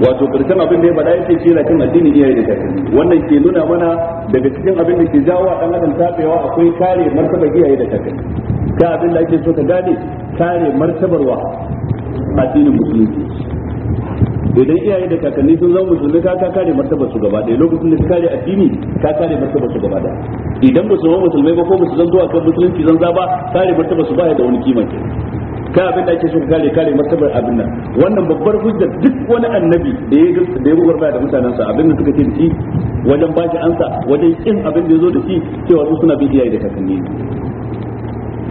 wato karshen abin da ya faɗa yake shi lakin addini iyaye da kai wannan ke nuna mana daga cikin abin da ke jawo dan adam tafewa akwai kare martaba iyaye da kai ta abin da ake so ka gane kare martabarwa addinin musulunci idan iyaye da kakanni sun zama musulmi ka ka kare martabar su gaba ɗaya lokacin da su kare addini ka kare martabar su gaba ɗaya idan ba su zama musulmai ba ko ba su zanto kan musulunci zan zaba kare martabar su baya da wani kima ka abin da ake so ka kare kare martabar abin nan wannan babbar hujjar duk wani annabi da ya da ya gurbar da mutanen sa abin da suka ce shi wajen ba shi ansa wajen kin abin da zo da shi cewa su suna bi iyaye da kakanni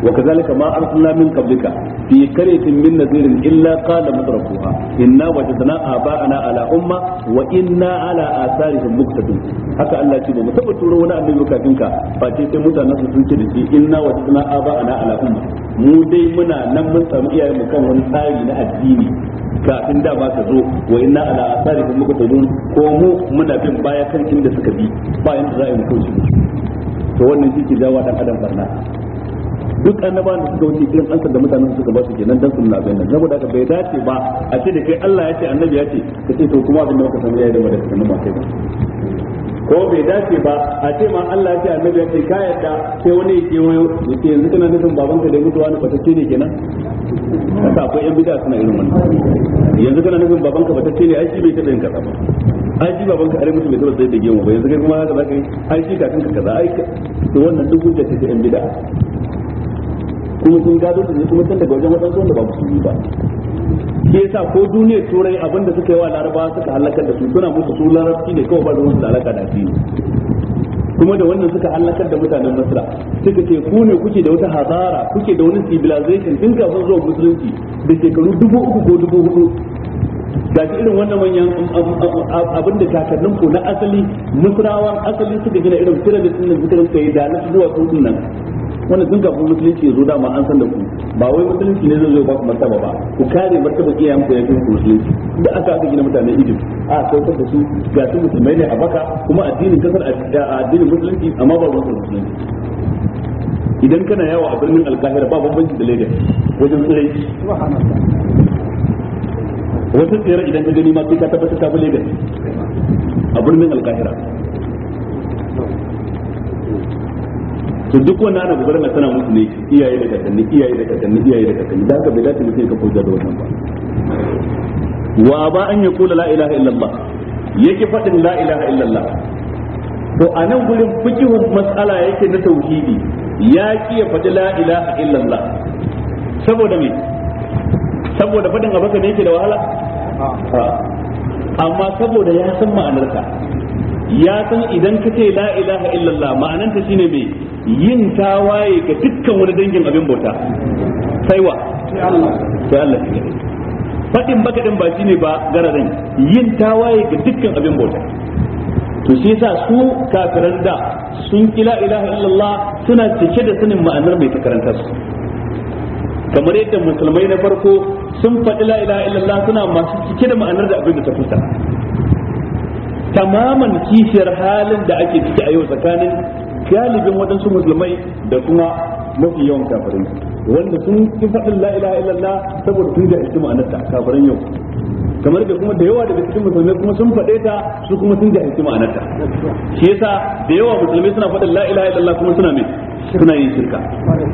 wa kazalika ma arsalna min qablika fi qaryatin min nadirin illa qala mutrafuha inna wajadna aba'ana ala umma wa inna ala atharihim muqtadun haka Allah ce ba mu taba tura wani annabi kafin ka ba ce sai mutanen su sun ce da shi inna wajadna aba'ana ala mu dai muna nan mun sami iyayen mu kan wani tsari na addini kafin dama ta zo wa inna ala asarihim muqtadun ko mu muna bin baya kan da suka bi bayan da za a yi mutunci to wannan shi ke dan adam barna duk annabawan da suka wuce kiran ansar da mutanen suka ba su kenan dan sunna bayan nan saboda haka bai dace ba a ce da kai Allah ya ce annabi ya ce kace to kuma abin da muka sani yayi da madaka da ba kai ba ko bai dace ba a ce ma Allah ya ce annabi ya ce ka yadda sai wani ya ke wayo yake yanzu kana nufin babanka da mutuwa ne fatacce ne kenan kasa akwai yan bid'a suna irin wannan yanzu kana nufin babanka fatacce ne ai shi bai taɓa yanka kaza ba ai shi babanka are mutum bai taɓa sai da gemu ba yanzu kai kuma haka zaka yi ai shi kakanka kaza ai to wannan duk hujja ce ta yan bid'a kuma sun gado da ne kuma tun daga wajen wadansu wanda ba yi ba shi yasa ko duniyar turai abinda suka yi wa laraba suka halakar da su suna musu su larabci ne kawai ba da wasu alaka da addini kuma da wannan suka halakar da mutanen masra suka ce ku ne kuke da wata hazara kuke da wani civilization tun kafin zuwa musulunci da shekaru dubu uku ko dubu hudu ga shi irin wannan manyan um, um, um, abin da kakannin ku na asali musrawan asali suka gina irin pyramid din nan suka yi da na zuwa tutun nan wanda tun kafin musulunci zo dama an san da ku ba wai musulunci ne zai zo ba ku martaba ba ku kare martaba iyayen ku yakin ku musulunci da aka aka gina mutane Egypt a saukar da su ga su musulmai ne a baka kuma addinin kasar a addinin musulunci amma ba ruwan musulunci idan kana yawo a birnin alkahira ba bambanci da Lagos wajen tsirai wasu tsere idan ka gani ma sai ka tabbatar ta bi Lagos a birnin alkahira to duk wannan ana gobarar na tana musu ne iyaye da kakanni iyaye da kakanni iyaye da kakanni da haka bai dace mutum ka kauce da wannan ba wa ba an ya kula la ilaha illallah yake faɗin la ilaha illallah to a nan gurin fikihun mas'ala yake na tauhidi ya ki ya faɗi la ilaha illallah saboda me saboda faɗin abaka ne yake da wahala ah. Ah. amma saboda ya san ma'anarsa ya san idan ka ce la ilaha illallah ma'ananta shine mai yin tawaye ga dukkan wani dangin abin bauta sai wa sai Allah shi fadin bakadin ba shine ba gararin yin tawaye ga dukkan abin bauta to shi yasa su kafiran da sun kila ilaha illallah suna cike da sanin ma'anar mai takaranta su kamar yadda musulmai na farko sun faɗi la ilaha illallah suna masu cike da ma'anar da abin da ta fusa tamaman kishiyar halin da ake ciki a yau tsakanin galibin waɗansu musulmai da kuma mafi yawan kafirai wanda sun ki faɗin la ilaha illallah saboda sun da a nata kafiran yau kamar da kuma da yawa daga cikin musulmai kuma sun faɗe ta su kuma sun a ma'anarta shi yasa da yawa musulmai suna faɗin la ilaha illallah kuma suna mai suna yin shirka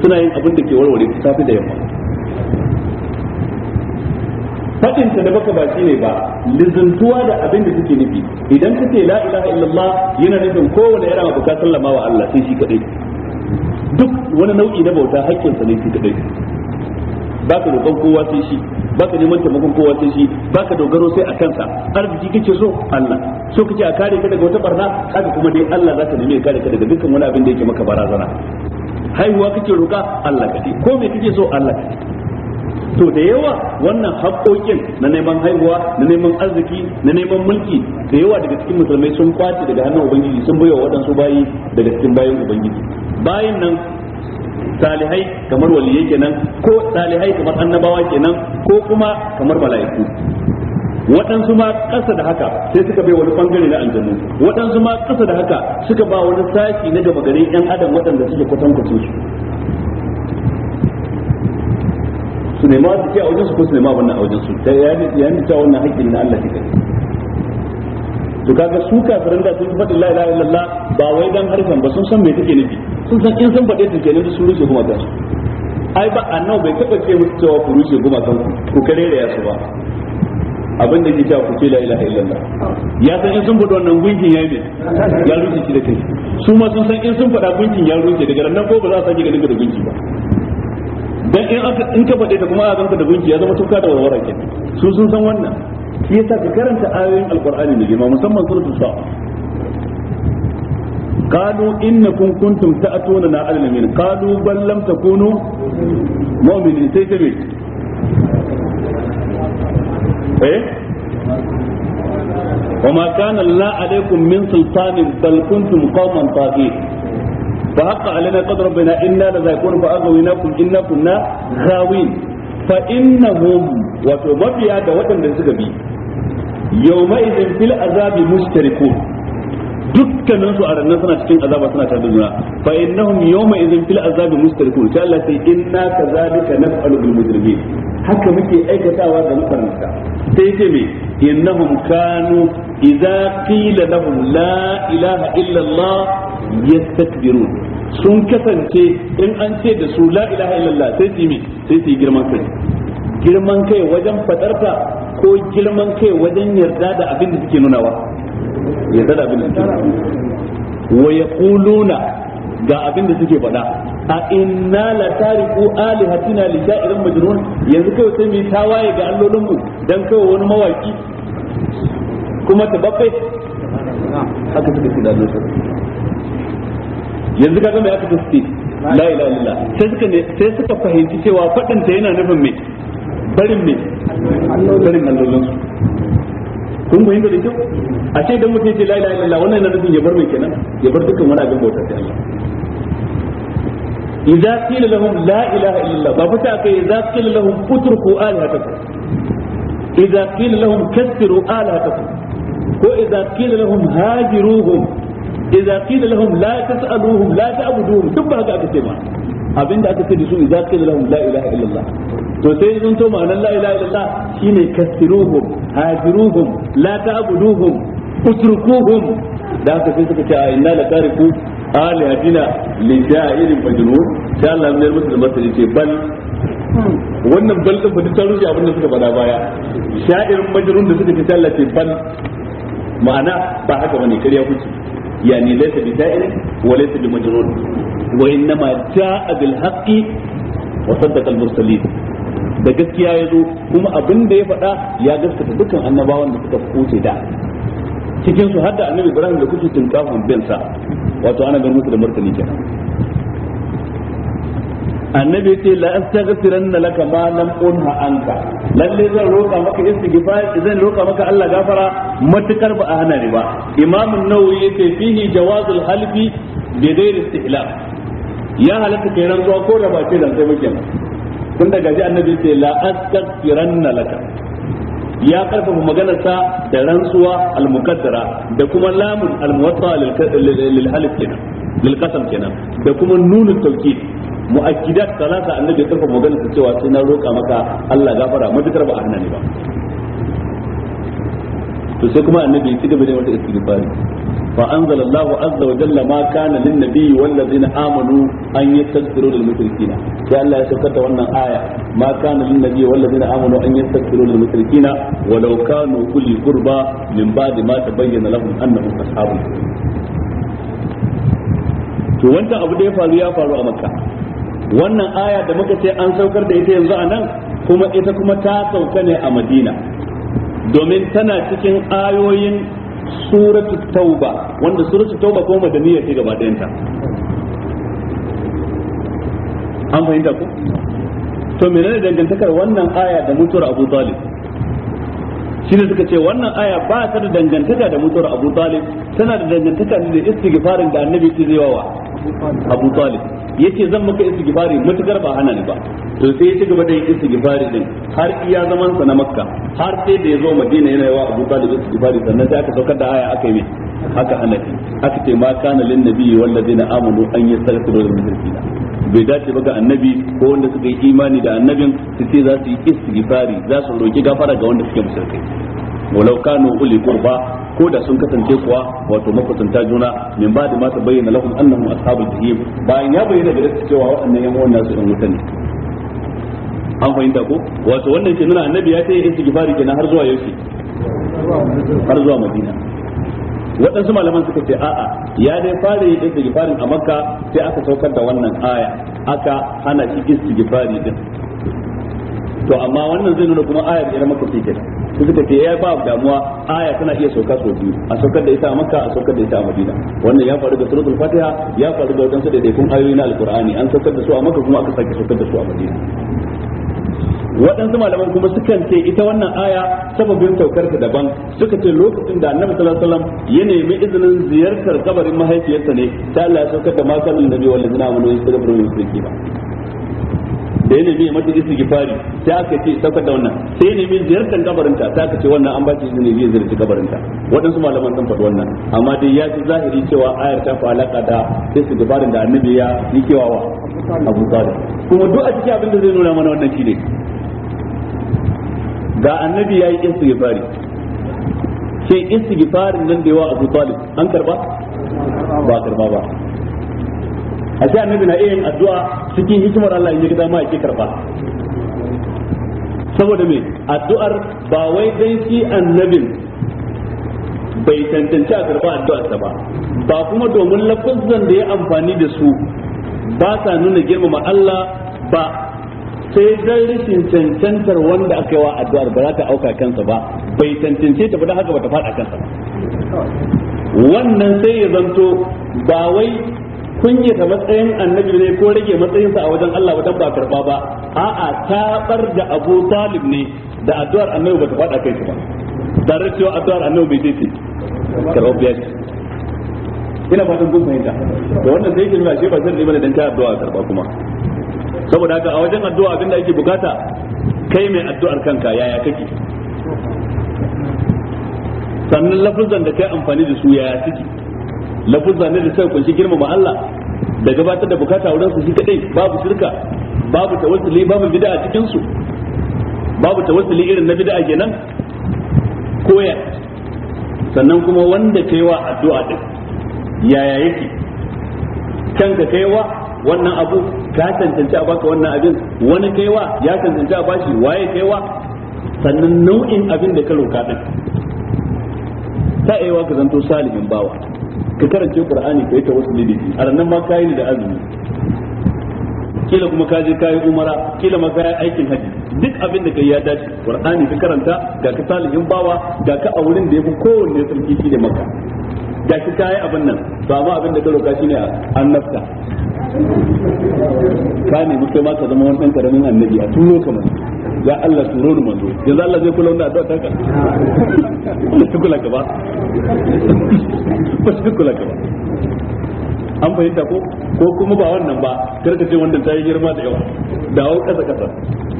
suna yin abin da ke warware tafi da yamma fadin ta da baka ba ne ba lizuntuwa da abin da kuke nufi idan kace la ilaha illallah yana nufin kowane yana ma bukatar sallama wa Allah sai shi kadai duk wani nau'i na bauta haƙƙin sa ne shi kadai baka roƙon kowa sai shi baka neman taimakon kowa sai shi baka dogaro sai a kansa arziki kake so Allah so kace a kare ka daga wata barna haka kuma dai Allah zaka nemi ya kare ka daga dukkan wani abin da yake maka barazana haihuwa kake roƙa Allah kake ko me kake so Allah kake to da yawa wannan haƙoƙin na neman haihuwa na neman arziki na neman mulki da yawa daga cikin musulmai sun kwace daga hannun ubangiji sun baiwa waɗansu bayi daga cikin bayan ubangiji bayin nan salihai kamar waliyai kenan ko salihai kamar annabawa kenan ko kuma kamar mala'iku waɗansu ma ƙasa da haka sai suka bai wani bangare na aljanu waɗansu ma ƙasa da haka suka ba wani sashi na gama garin yan adam waɗanda suke kwatankwacin su su nema su ke aujin su ko su nema wannan aujin su ta yayin ta wannan haƙƙin na Allah shi to kaga su kafirin da sun faɗi la ilaha illallah ba wai dan harfan ba sun san me take nufi sun san in sun faɗe ta kenan su rushe kuma kansu ai ba annau bai taba ce musu cewa ku rushe kuma kanku ku kare da yasu ba abin da ke cewa ku ce la ilaha illallah ya san in sun faɗi wannan gunkin yayi ne ya rushe shi da kai su ma sun san in sun faɗa gunkin ya rushe daga nan ko ba za a sake ganin da gunki ba dan in aka in ka bade ta kuma a ganka da gunki ya zama tuka da warware ke su sun san wannan shi yasa ka karanta ayoyin alqur'ani ne girma musamman suratul sa qalu innakum kuntum ta'tuna na almin qalu bal lam takunu mu'minin sai ka eh wa ma kana la alaykum min sultanin bal kuntum qauman taqin فحق علينا قدر ربنا إنا لذاكون فأغويناكم إنا كنا غاوين فإنهم وتمبيا دوتا لزغبي يومئذ في العذاب مشتركون dukkanin su a ranar suna cikin azaba suna tare da juna fa innahum yawma idhin fil azabi mustarikun sai Allah sai inna kadhalika naf'alu bil mujrimin haka muke aikatawa da mutanen sai ce me innahum kanu idza qila lahum la ilaha illa Allah yastakbirun sun kasance in an ce da su la ilaha illallah sai su yi sai su yi girman kai girman kai wajen fadarta ko girman kai wajen yarda da abin da suke nunawa yarda da abin da suke wa yaquluna ga abin da suke faɗa a inna la tariku alihatina li sha'irin majnun yanzu kai sai mu tawaye ga allolin mu dan kai wani mawaki kuma tabbai haka suka da da yanzu ka mai aka tafi la ilaha illallah sai suka ne sai suka fahimci cewa fadin yana nufin me barin me barin allolin kun fahimta da kyau a ce idan mutum ce la ilaha illallah wannan yana nufin ya bar mai kenan ya bar dukkan wani abin bautar da Allah idza qila lahum la ilaha illallah ba fata kai idza qila lahum utruku alihatakum idza qila lahum kassiru alihatakum ko idza qila lahum hajiruhum idza qila lahum la tas'aluhum la ta'buduhum duk ba haka aka ce ma abinda aka ce da su idza qila lahum la ilaha illallah to sai sun to ma'anar la ilaha illallah shine kasiruhum hajiruhum la ta'buduhum utrukuhum da aka sai suka ce a inna la tariku alihatina li sha'irin majnun sai Allah ya musu da masali ce bal wannan bal din ba ta rufe abin da suka faɗa baya sha'irin majnun da suka ce Allah ce bal ma'ana ba haka bane kariya kuke يعني ليس بسائر وليس بمجنون وإنما جاء بالحق وصدق المرسلين da gaskiya ya zo kuma abin da ya faɗa ya gaskata dukkan annabawan da suka kuce da cikin su har da annabi Ibrahim da kuke tinkafin bin sa wato ana ganin musu da martani kenan annabi ce la astaghfiranna laka ma lam unha anka lalle zan roka maka istighfar zan roka maka Allah gafara matukar ba a hana ni ba imam an-nawawi yace fihi jawazul halfi bi ghairi istihlal ya halatta kai rantsuwa ko da ba ce dan sai muke tun daga ji annabi ce la astaghfiranna laka ya karfafa maganarsa da rantsuwa al-muqaddara da kuma lamun al-muwatta lil half kenan lil kenan da kuma nunut tawkid mu'akkidat salasa annabi ya kafa magana cewa sai na roƙa maka Allah gafara matukar ba a hana ni ba to sai kuma annabi ya cigaba da wata istighfari fa anzala Allah azza wa jalla ma kana lin nabiyyi wal ladina amanu an yastaghfiru lil mushrikeena sai Allah ya saukar da wannan aya ma kana lin nabiyyi wal ladina amanu an yastaghfiru lil mushrikeena walau kanu kulli qurba min ba'di ma tabayyana lahum annahum ashabu to wanda abu da ya faru ya faru a makka wannan aya da muka ce an saukar da ita yanzu a nan kuma ita kuma ta sauka ne a madina domin tana cikin ayoyin suratu tauba wanda suratu tauba ko madaniya ce gaba ɗayanta an fahimta ku to menene dangantakar wannan aya da mutuwar abu talib shi ne suka ce wannan aya ba ta da dangantaka da mutuwar abu talib tana da dangantaka da istighfarin da annabi ke yi wa abu talib yace zan maka istighfari matukar ba hana ni ba to sai ya ci gaba da yin istighfari din har iya zaman sa na makka har sai da ya zo madina yana yawa abu talib istighfari sannan sai aka saukar da aya aka yi haka hana shi aka ce ma kana lin nabiyyi wal ladina amanu an yastaghfiru lil mushrikeen bai dace ba ga annabi ko wanda suka yi imani da annabin su ce za su yi istighfari za su roki gafara ga wanda suke musulmai walau kanu uli qurba ko da sun kasance kuwa wato makusanta juna min ba da ma bayyana lahum annahum ashabul jahim bayan ya bayyana da cewa waɗannan yan uwan nasu ɗan wuta ne an fahimta ko wato wannan ke nuna annabi ya ce yin istighfari kenan har zuwa yaushe har zuwa madina waɗansu malaman suka ce a'a ya dai fara yin istighfarin a makka sai aka saukar da wannan aya aka hana shi istighfari din to amma wannan zai nuna kuma ayar ina maka take su suka ce ya ba damuwa aya tana iya sauka sau biyu a saukar da ita a makka a saukar da ita a madina wannan ya faru da suratul fatiha ya faru da daidai daidaikun ayoyi na alkur'ani an saukar da su a makka kuma aka sake saukar da su a madina waɗansu malaman kuma suka ce ita wannan aya sababin saukar ta daban suka ce lokacin da annabi sallallahu alaihi wasallam ya nemi izinin ziyartar kabarin mahaifiyarsa ne ta Allah ya saukar da masalin nabi wal ladina amanu yastaghfiruna ba da ya nemi mata istighfari sai aka ce saukar da wannan sai ya nemi ziyartar kabarinta sai aka ce wannan an ba shi izini zai ziyarci kabarinta waɗansu malaman sun faɗi wannan amma dai ya ci zahiri cewa ayar ta fi alaƙa da istighfarin da annabi ya yi kewawa abu talib kuma duk a cikin abin da zai nuna mana wannan ne ga annabi ya yi istighfari sai istighfarin nan da yawa abu talib an karba ba karba ba a ce annabi na iya yin addu'a cikin hikimar Allah ya da ma karba saboda me addu'ar ba wai dai shi annabin bai tantance a karba addu'ar ta ba ba kuma domin lafazzan da ya amfani da su ba sa nuna girmama Allah ba sai dan rashin cancantar wanda aka yi wa addu'ar ba za ta auka kansa ba bai tantance ta ba da haka ba ta faɗa kansa ba wannan sai ya zanto ba wai kunyata matsayin annabi ne ko rage matsayinsa a wajen Allah wajen ba karba ba a'a tabar da Abu Talib ne da addu'ar annabi bata fada kai ba da rashin addu'ar annabi bai dace karba biya ina fatan kun fahimta to wannan sai kin ce ba zan yi bane dan ta addu'a karba kuma saboda haka a wajen addu'a abinda ake bukata kai mai addu'ar kanka yaya kake sannan lafuzan da kai amfani da su yaya kake lafuzan ne da sai kunshi girmama Allah da gabatar da bukata wurin su shi kadai babu shirka babu tawassuli babu bid'a cikin su babu tawassuli irin na bid'a kenan koya sannan kuma wanda kaiwa addu'a din yaya yake kanka kaiwa wannan abu ka tantance a baka wannan abin wani kaiwa ya tantance a bashi waye kaiwa sannan nau'in abin da ka roka din ta aiwa ka zanto salihin bawa ka karance qur'ani kai ta wasu lidi a nan ma kai da azumi kila kuma ka je kai umara kila ma kai aikin haji duk abin da kai ya dace qur'ani ka karanta ga ka salihin bawa ga ka a wurin da yafi kowanne sarki da maka ga ki kai abin nan to amma abin da ka roka shine annabta ka ne mutum ma ka zama wani dan karamin annabi a turo kamar ya Allah turo ni manzo yanzu Allah zai kula wannan addu'a ta ka ba kula ka ba ba kula ka an fahimta ko ko kuma ba wannan ba karka ka ce ta yi girma da yawa dawo kasa kasa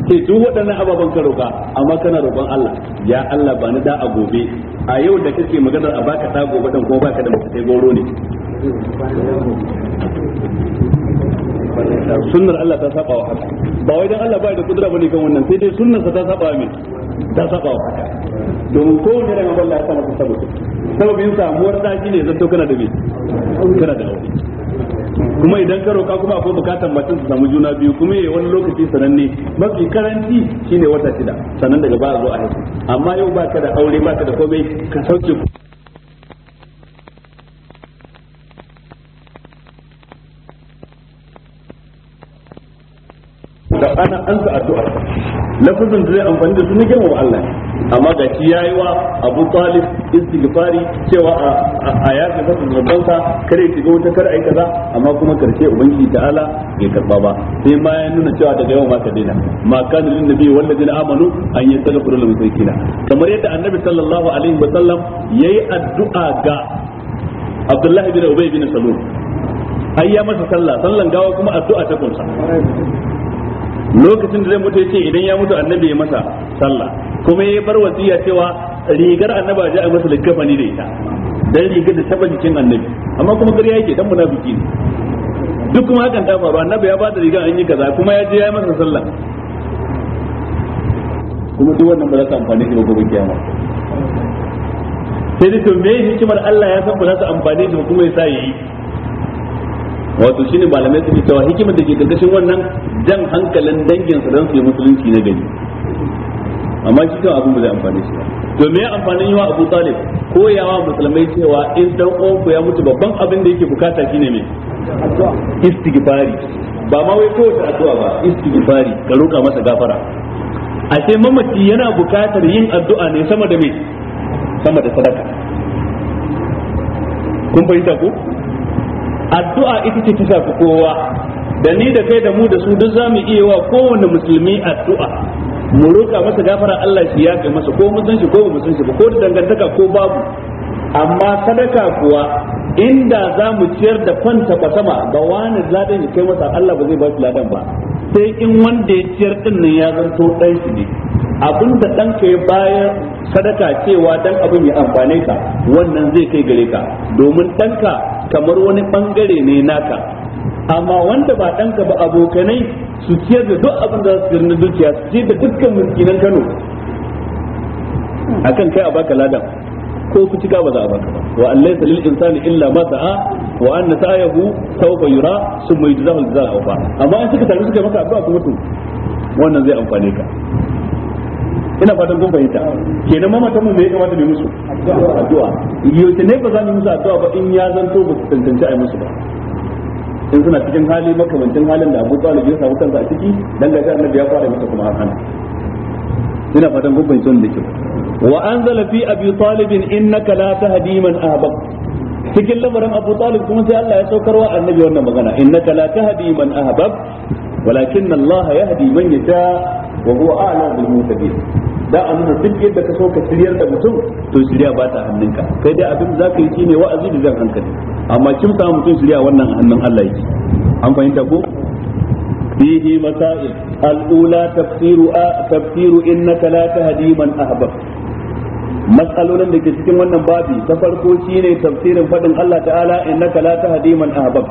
ke duk waɗannan ababen ka roƙa amma kana roƙon Allah ya Allah ba ni da a gobe a yau da kake magana a baka ta gobe dan kuma baka da mutai goro ne sunnar Allah ta saba wa haka ba wai dan Allah ba da kudura bane kan wannan sai dai sunnar sa ta saba mai ta saba wa haka domin ko ne daga Allah ya sama sabo sababin samuwar da shine zato kana da me kana da wani kuma idan ka roka kuma akwai bukatar mutum su samu juna biyu kuma yayi wani lokaci sananne mafi karanci shine wata shida sanan daga ba a zo a haihu amma yau ba ka da aure ba ka da komai ka sauke da ana ansa addu'a lafazin da zai amfani da su ne girmama Allah amma ga shi yayi wa Abu Talib istighfari cewa a ya yafi masa zunubansa kare ki ga wata kar ai kaza amma kuma karshe ubangiji ta'ala bai karba ba sai ma ya nuna cewa daga yau ma ka daina ma kana lin nabi wal na amanu an yi yastaghfiru lil mushrikina kamar yadda annabi sallallahu alaihi wa sallam yayi addu'a ga Abdullah bin Ubay bin Salul ai ya masa sallah sallan gawa kuma addu'a ta kunsa lokacin da zai mutu yace idan ya mutu annabi ya masa sallah kuma ya bar wasiya cewa rigar annaba ja a masa likafani da ita dan rigar da taba jikin annabi amma kuma gari yake dan munafiki ne duk kuma hakan ta faru annabi ya bada rigar an yi kaza kuma ya je ya masa sallah kuma duk wannan ba za ta amfani da gobe kiyama sai dai to me hikimar Allah ya san ba za ta amfani shi kuma ya sa yi wato shine malamai suke cewa hikimar da ke karkashin wannan jan hankalin danginsa don su yi musulunci na gani amma shi kan abin da zai amfani shi to me amfanin yi wa Abu Talib koyawa musulmai cewa in dan uwanku ya mutu babban abin da yake bukata shine me istighfari ba ma wai da addu'a ba istighfari ka roka masa gafara a ce mamaci yana bukatar yin addu'a ne sama da me sama da sadaka kun fahimta ko addu'a ita ce ta shafi kowa da ni da kai da mu da su duk za mu iya wa kowane musulmi addu'a mu roƙa masa gafara Allah shi ya masa ko mun san shi ko mu san shi ba ko da dangantaka ko babu amma sadaka kuwa inda za mu ciyar da kwanta sama, ga wani ladan ya kai masa Allah ba zai ba shi ladan ba sai in wanda ya ciyar din nan ya zanto ɗansi shi ne abin da ɗanka ya bayar sadaka cewa dan abin ya amfane ka wannan zai kai gare ka domin ɗanka kamar wani ɓangare ne naka amma wanda ba ɗanka ba abokanai su ciyar da duk abin da su na dukiya su ciyar da dukkan miskinan kano akan kai a baka ladan ko ku cika ba za a baka ba wa allai salil insani illa ma sa'a wa anna sa'ahu sawfa yura summa yujzahu al-jaza'a amma an suka taru suka maka a kuma to wannan zai amfane ka ina fatan kun fahimta kenan mamatan mu me ya kamata mu musu addu'a yaushe ne ba za mu musu addu'a ba in ya zanto ba su tantance ai musu ba in suna cikin hali makamancin halin da Abu Talib ya samu kansa a ciki dan gaji Annabi ya fara musu kuma hakan ina fatan kun fahimta wannan kyau wa anzala fi abi talib innaka la tahdi man ahbab cikin lamarin Abu Talib kuma sai Allah ya saukar saukarwa Annabi wannan magana innaka la tahdi man ahbab walakin Allah yahdi man yasha wa huwa a'la bil muhtadin da a nuna duk yadda ka so ka shiryar da mutum to shirya ba ta hannunka kai dai abin za ka yi shine wa'azi da zan hankali amma kin samu mutum shirya wannan hannun Allah yake an fahimta ko fihi masail al-ula tafsiru a tafsiru innaka la tahdi man ahbab matsalolin da ke cikin wannan babi ta farko shine tafsirin fadin Allah ta'ala innaka la tahdi man ahbab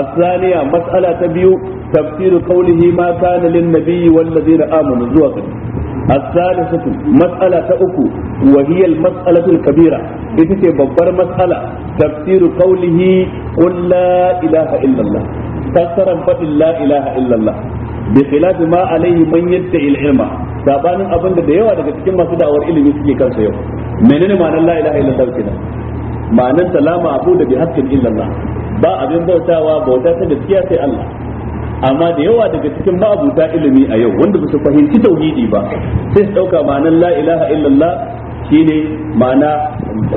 الثانية مسألة تبيو تفسير قوله ما كان للنبي والذين آمنوا زوجا الثالثة مسألة أكو وهي المسألة الكبيرة إذا ببر مسألة تفسير قوله قل لا إله إلا الله فسر فإن لا إله إلا الله بخلاف ما عليه من يدعي العلم sabanin abin da da yawa daga cikin masu da'awar ilimi suke kansa yau menene ma'anar la ilaha illallah kenan ma'anar salama abu da bi hakkin illallah ba abin bautawa bauta ta gaskiya sai Allah amma da yawa daga cikin ma'abuta ilimi a yau wanda ba su fahimci tauhidi ba sai su dauka ma'anar la ilaha illallah shine ma'ana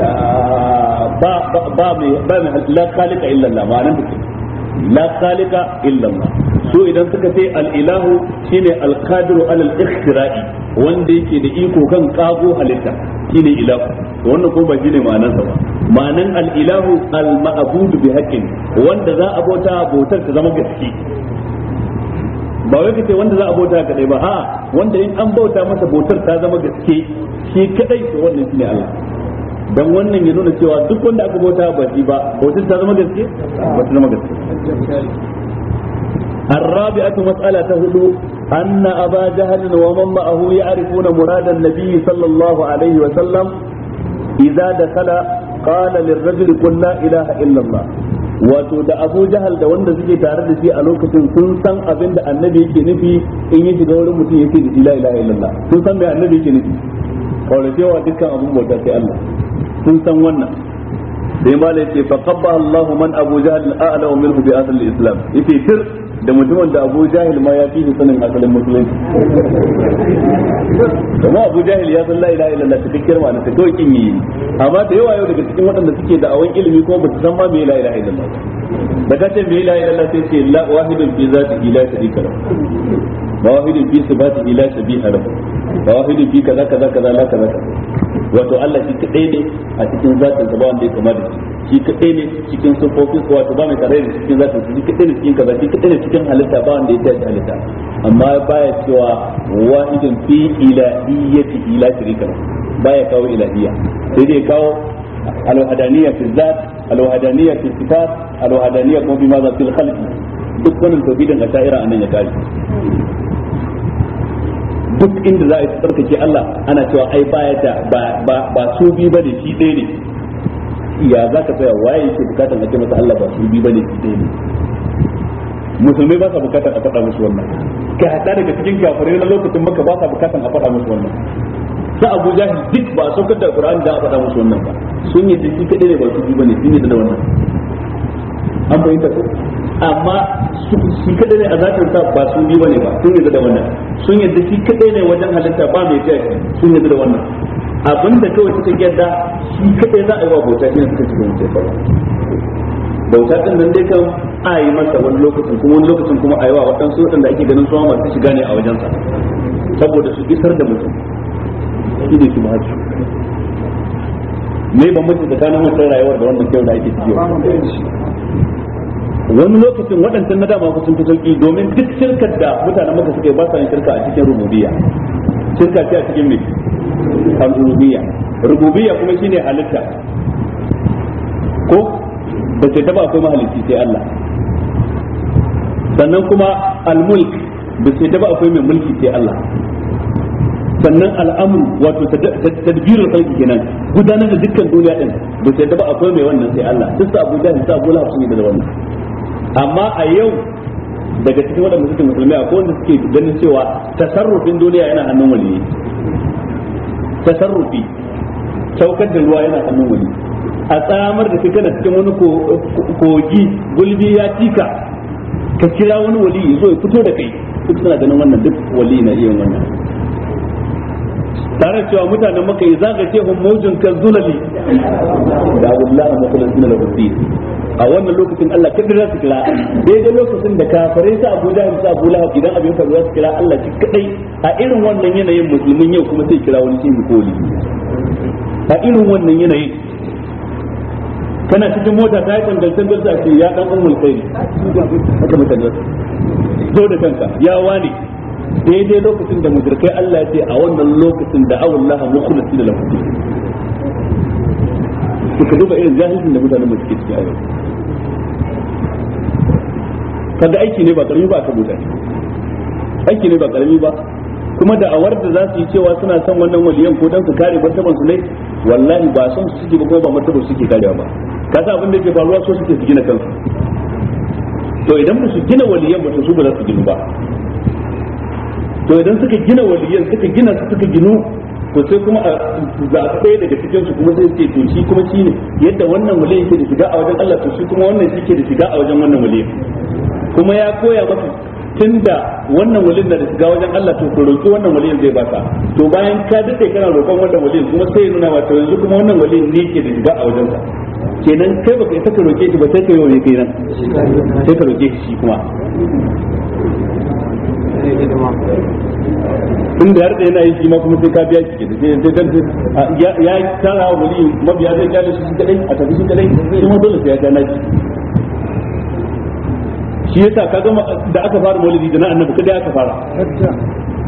ah, ba ba ba mai la khaliqa illallah ma'anar da la khaliqa illa Allah to idan suka ce al ilahu shine al qadiru alal ikhtira'i wanda yake da iko kan kago halitta shine ilahu wannan ko ba shine ma'anar sa ba ma'anan al ilahu al ma'bud bi haqqin wanda za a bauta bautar ta zama gaske ba wai kace wanda za a bauta kadai ba ha, wanda in an bauta masa bautar ta zama gaske shi kadai to wannan shine Allah dan wannan ya nuna cewa duk wanda aka bauta ba shi ba bautar ta zama gaske ba ta zama gaske الرابعة مسألة هدوء أن أبا جهل ومن معه يعرفون مراد النبي صلى الله عليه وسلم إذا دخل قال للرجل قل لا إله إلا الله wato da Abu Jahal da wanda suke tare da shi a lokacin sun san abin da annabi yake nufi in ya shiga wurin mutum yake da la ilaha illallah sun san me annabi yake nufi kauracewa dukkan abun bauta sai Allah sun san wannan sai mala yake fa qabba Allahu man Abu Jahl a'la wa minhu bi asl al-islam yake tir da mutumin da Abu Jahl ma ya fi sanin asalin musulunci kuma Abu Jahl ya san la ilaha illallah ma na ta dokin yi amma da yawa yau daga cikin waɗanda suke da awon ilimi ko ba su san ma me la ilaha illallah da kace me la ilaha illallah sai ce la wahidun fi zati ilahi sharika lahu wahidun fi sifatihi la shabiha lahu wahidun fi kaza kaza kaza la kaza kaza wato Allah shi ka ne a cikin zatin sa ba wanda ya kama da shi shi kadai ne cikin sufofin sa wato ba mai tare da cikin zatin shi ka ne cikin kaza shi ka ne cikin halitta ba wanda ya tashi halitta amma baya cewa wahidun fi ilahiyyati ila shirika baya kawo ilahiyya sai dai kawo fi zat الذات fi sifat الصفات الوحدانية bi ma za fil الخلق duk wannan tawhidin a ta'ira a ya kare duk inda za a yi tsarkake Allah ana cewa ai baya ta ba ba ba su bi ne shi ɗaya ne ya za ka tsaya waye yake bukatar ake masa Allah ba su bi ne shi ɗaya ne musulmai ba sa bukatar a faɗa musu wannan ka haɗa daga cikin kafare na lokacin maka ba sa bukatar a faɗa musu wannan sa Abu Jahil duk ba su da Qur'ani da a faɗa musu wannan ba sun yi jiki kaɗai ne ba su bi bane sun yi da wannan an fahimta ko amma shi kadai ne a zakar sa ba su bi bane ba sun yadda da wannan sun yadda shi kadai ne wajen halitta ba mai kai sun yadda da wannan abinda kawai suka yadda shi kadai za a yi wa bauta shi ne suka ci wuce ba bauta din nan dai kan a yi masa wani lokacin kuma wani lokacin kuma a yi wa waɗansu waɗanda ake ganin su masu shiga ne a sa saboda su isar da mutum shi ne su ba su ne ban mutu tsakanin wancan rayuwar da wannan kyau da ake ciki wani lokacin waɗancan na dama sun fi sauki domin duk shirkar da mutanen maka suke ba sa yin shirka a cikin rububiya shirka ce a cikin mai a rububiya rububiya kuma shine halitta ko ba ce taba akwai mahalicci sai Allah sannan kuma al-mulk ba ce taba akwai mai mulki sai Allah sannan al'amru wato tadbirul khalqi kenan gudanar da dukkan duniya din ba sai da akwai mai wannan sai Allah duk sa Abu Jahl sa Abu lafi sun yi da wannan amma a yau daga cikin waɗanda suke musulmi a wanda suke ganin cewa tasarrufin duniya yana hannun wali tasarrufi saukar da ruwa yana hannun wali a tsamar da kana cikin wani kogi gulbi ya tika ka kira wani wali zo ya fito da kai duk suna ganin wannan duk wali na iya wannan tare cewa mutanen maka ya zaga ce hun mojin kan zulali da Allah a matsalar suna da hudu a wannan lokacin Allah kadai za su kira daidai lokacin da kafarai su Abu da su Abu Lahab idan abin faruwa su kira Allah shi kadai a irin wannan yanayin musulmin yau kuma sai kira wani shi koli a irin wannan yanayin kana cikin mota ta yi tangaltan gaza ce ya dan ummul khairi haka mutane zo da kanka ya wane daidai lokacin da mujirkai Allah ya ce a wannan lokacin da awallah mukhlisin lahu suka duba irin jahilcin da mutanen mu suke ciki a yau kaga aiki ne ba karami ba ka buɗe aiki ne ba karami ba kuma da awar da za su yi cewa suna son wannan waliyan ko dan su kare martaban su ne wallahi ba son su suke ba ko ba martaban su suke karewa ba ka sa abin da yake faruwa so suke su gina kansu to idan ba su gina waliyan ba to su ba za su gina ba to idan suka gina waliyan suka gina su suka gino ko sai kuma a a tsaye daga cikin su kuma sai ce to shi kuma shi ne yadda wannan waliyan yake da shiga a wajen Allah to shi kuma wannan shi ke da shiga a wajen wannan waliyan. kuma ya koya masa tunda wannan waliyan da shiga wajen Allah to ku roki wannan waliyan zai baka to bayan ka dade kana roƙon wannan waliyan kuma sai nuna wa to yanzu kuma wannan waliyan ne ke da shiga a wajen ka kenan kai baka yi ta roke shi ba sai ka yi wa kai nan sai ka roke shi kuma tunda har da yana yin shi ma kuma sai ka biya shi ke sai sai dan ya tara wuri mabiya zai kyale shi kadai a tafi shi kadai shi ma dole sai ya gana shi shi yasa ka gama da aka fara maulidi da na annabi kada aka fara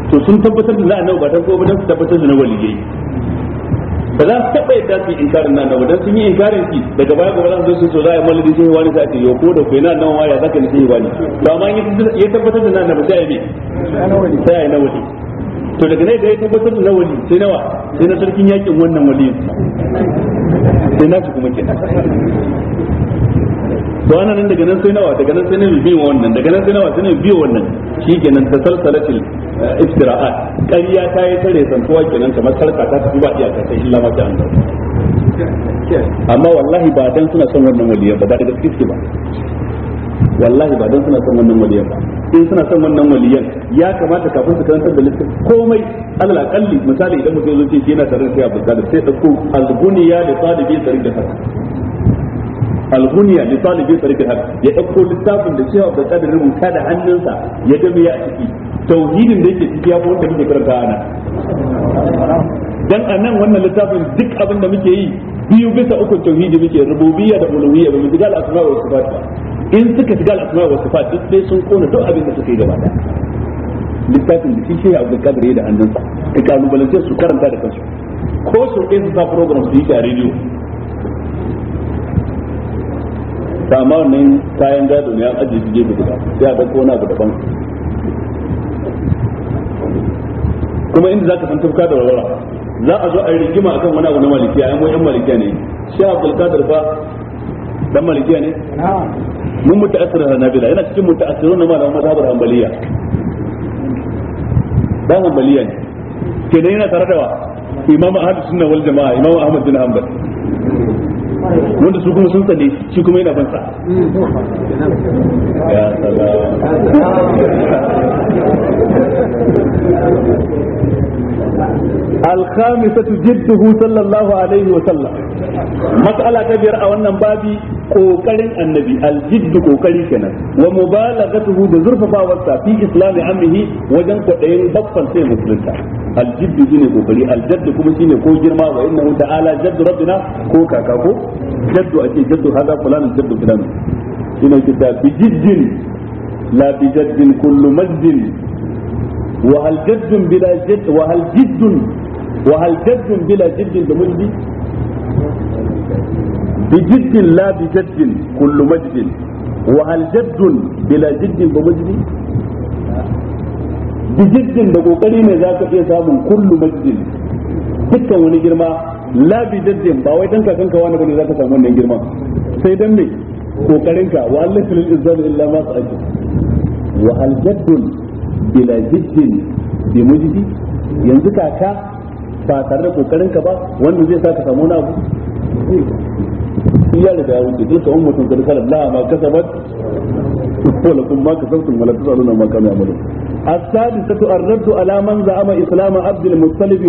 to sun tabbatar da na annabi ba ta ko ba dan tabbatar da na waliyai ba za su taɓa yadda su yi inkarin nan ba dan sun yi inkarin shi daga baya gobe za su zo su to za a yi sun yi wani sati ce yo ko da kai nan nan waya za ka yi wani to amma ya tabbatar da nan ba sai yi ne sai na wani to daga nan da ya tabbatar da wani sai nawa sai na sarkin yakin wannan waliyin sai na su kuma kenan to ana nan daga nan sai nawa daga nan sai nawa biyo wannan daga nan sai nawa sai nawa biyo wannan shikenan salsalatil eh, iftira'at ƙarya ta yi tare kowa kenan kamar sarka ta tafi ba iyaka sai illa ma ta amma wallahi ba dan suna son wannan waliyan ba ba daga gaske ba wallahi ba dan suna son wannan waliyan ba in suna son wannan waliyan ya kamata kafin su karantar da lissafi komai alal akalli misali idan mutum zo ce yana tare da sai abu da sai dauko alguniya da sadibi tare da haka alhuniya da talibi tsarikin haka ya ɗauko littafin da cewa da kadar rubuta da hannunsa ya game ya ciki tauhidin da yake ciki ya da wanda muke karanta ana dan anan wannan littafin duk abin da muke yi biyu bisa uku tauhidi muke rububiyya da uluhiyya ba mu shiga al wa sifat ba in suka shiga al-asma wa sifat duk sai sun kona duk abin da suka yi gaba da littafin da shi ya Abdul Qadir da hannunsa ka kalubalance su karanta da kansu ko su ɗin sa program su yi ta rediyo ta wannan kayan gado ne an ajiye shi gefe guda sai a dauko wani abu daban kuma inda zaka san tafka da warwara za a zo a yi rigima akan wani abu na malikiya yan wayan malikiya ne shi abdul kadir ba dan malikiya ne mun mutaassir nabila yana cikin mutaassirun na malaman mazhabar hanbaliya dan hanbaliya ne kenan yana tare da wa imam ahlus sunna wal jamaa imam ahmad bin hanbal wanda su kuma sun tsane shi kuma yana bansa ya الخامسة جده صلى الله عليه وسلم مسألة تبير أولا بابي kokarin annabi aljidd kokari kenan wa mubalaghatuhu da zurfafa wasa fi islami amrihi wajen kwadayin babban sai musulunta aljidd shine kokari aljadd kuma shine ko girma wa innahu ta'ala jaddu rabbina ko kaka ko jaddu ake jaddu hada fulan jaddu fulan shine وهل جد بلا جد وهل جد وهل جد بلا جد بمجد بجد لا بجد كل مجد وهل جد بلا جد بمجد بجد da kokari ne za ka iya samun kullu majdin girma la bi jaddin ba wai dan kakan ka wani za ka samu wannan girma sai jaddun bila jiddin bi mujdi yanzu kaka ba tare da kokarin ka ba wanda zai sa ka samu na abu ya riga ya wuce duka ummatun da kala la ma kasabat ko ma kasabtum wala tusaluna ma kana amalu as-sadisatu ar ala man za'ama islam Abdul muttalib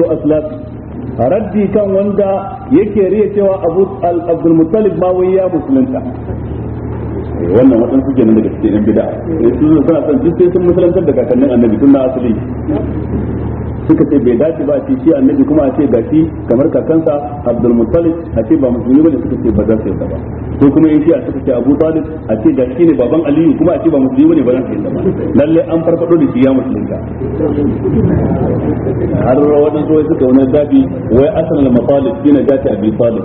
wa raddi kan wanda yake riya cewa abu al muttalib ma wai ya musulunta Eh, wannan wasan suke nan daga cikin bid'a ne eh, su suna son duk sai sun musulantar da kakannin annabi tun na asali suka ce bai dace ba a ce shi annabi kuma a ce ga shi kamar kakansa abdul muttalib a ce ba musulmi bane suka ce ba za su yarda ba ko kuma shi a suka ce abu talib a ce ga shi ne baban aliyu kuma a ce ba musulmi bane ba za su yarda ba lalle an farfado da shi ya musulunta har wadan zuwa suka wani zabi wai asalin matalib shine gaci abi talib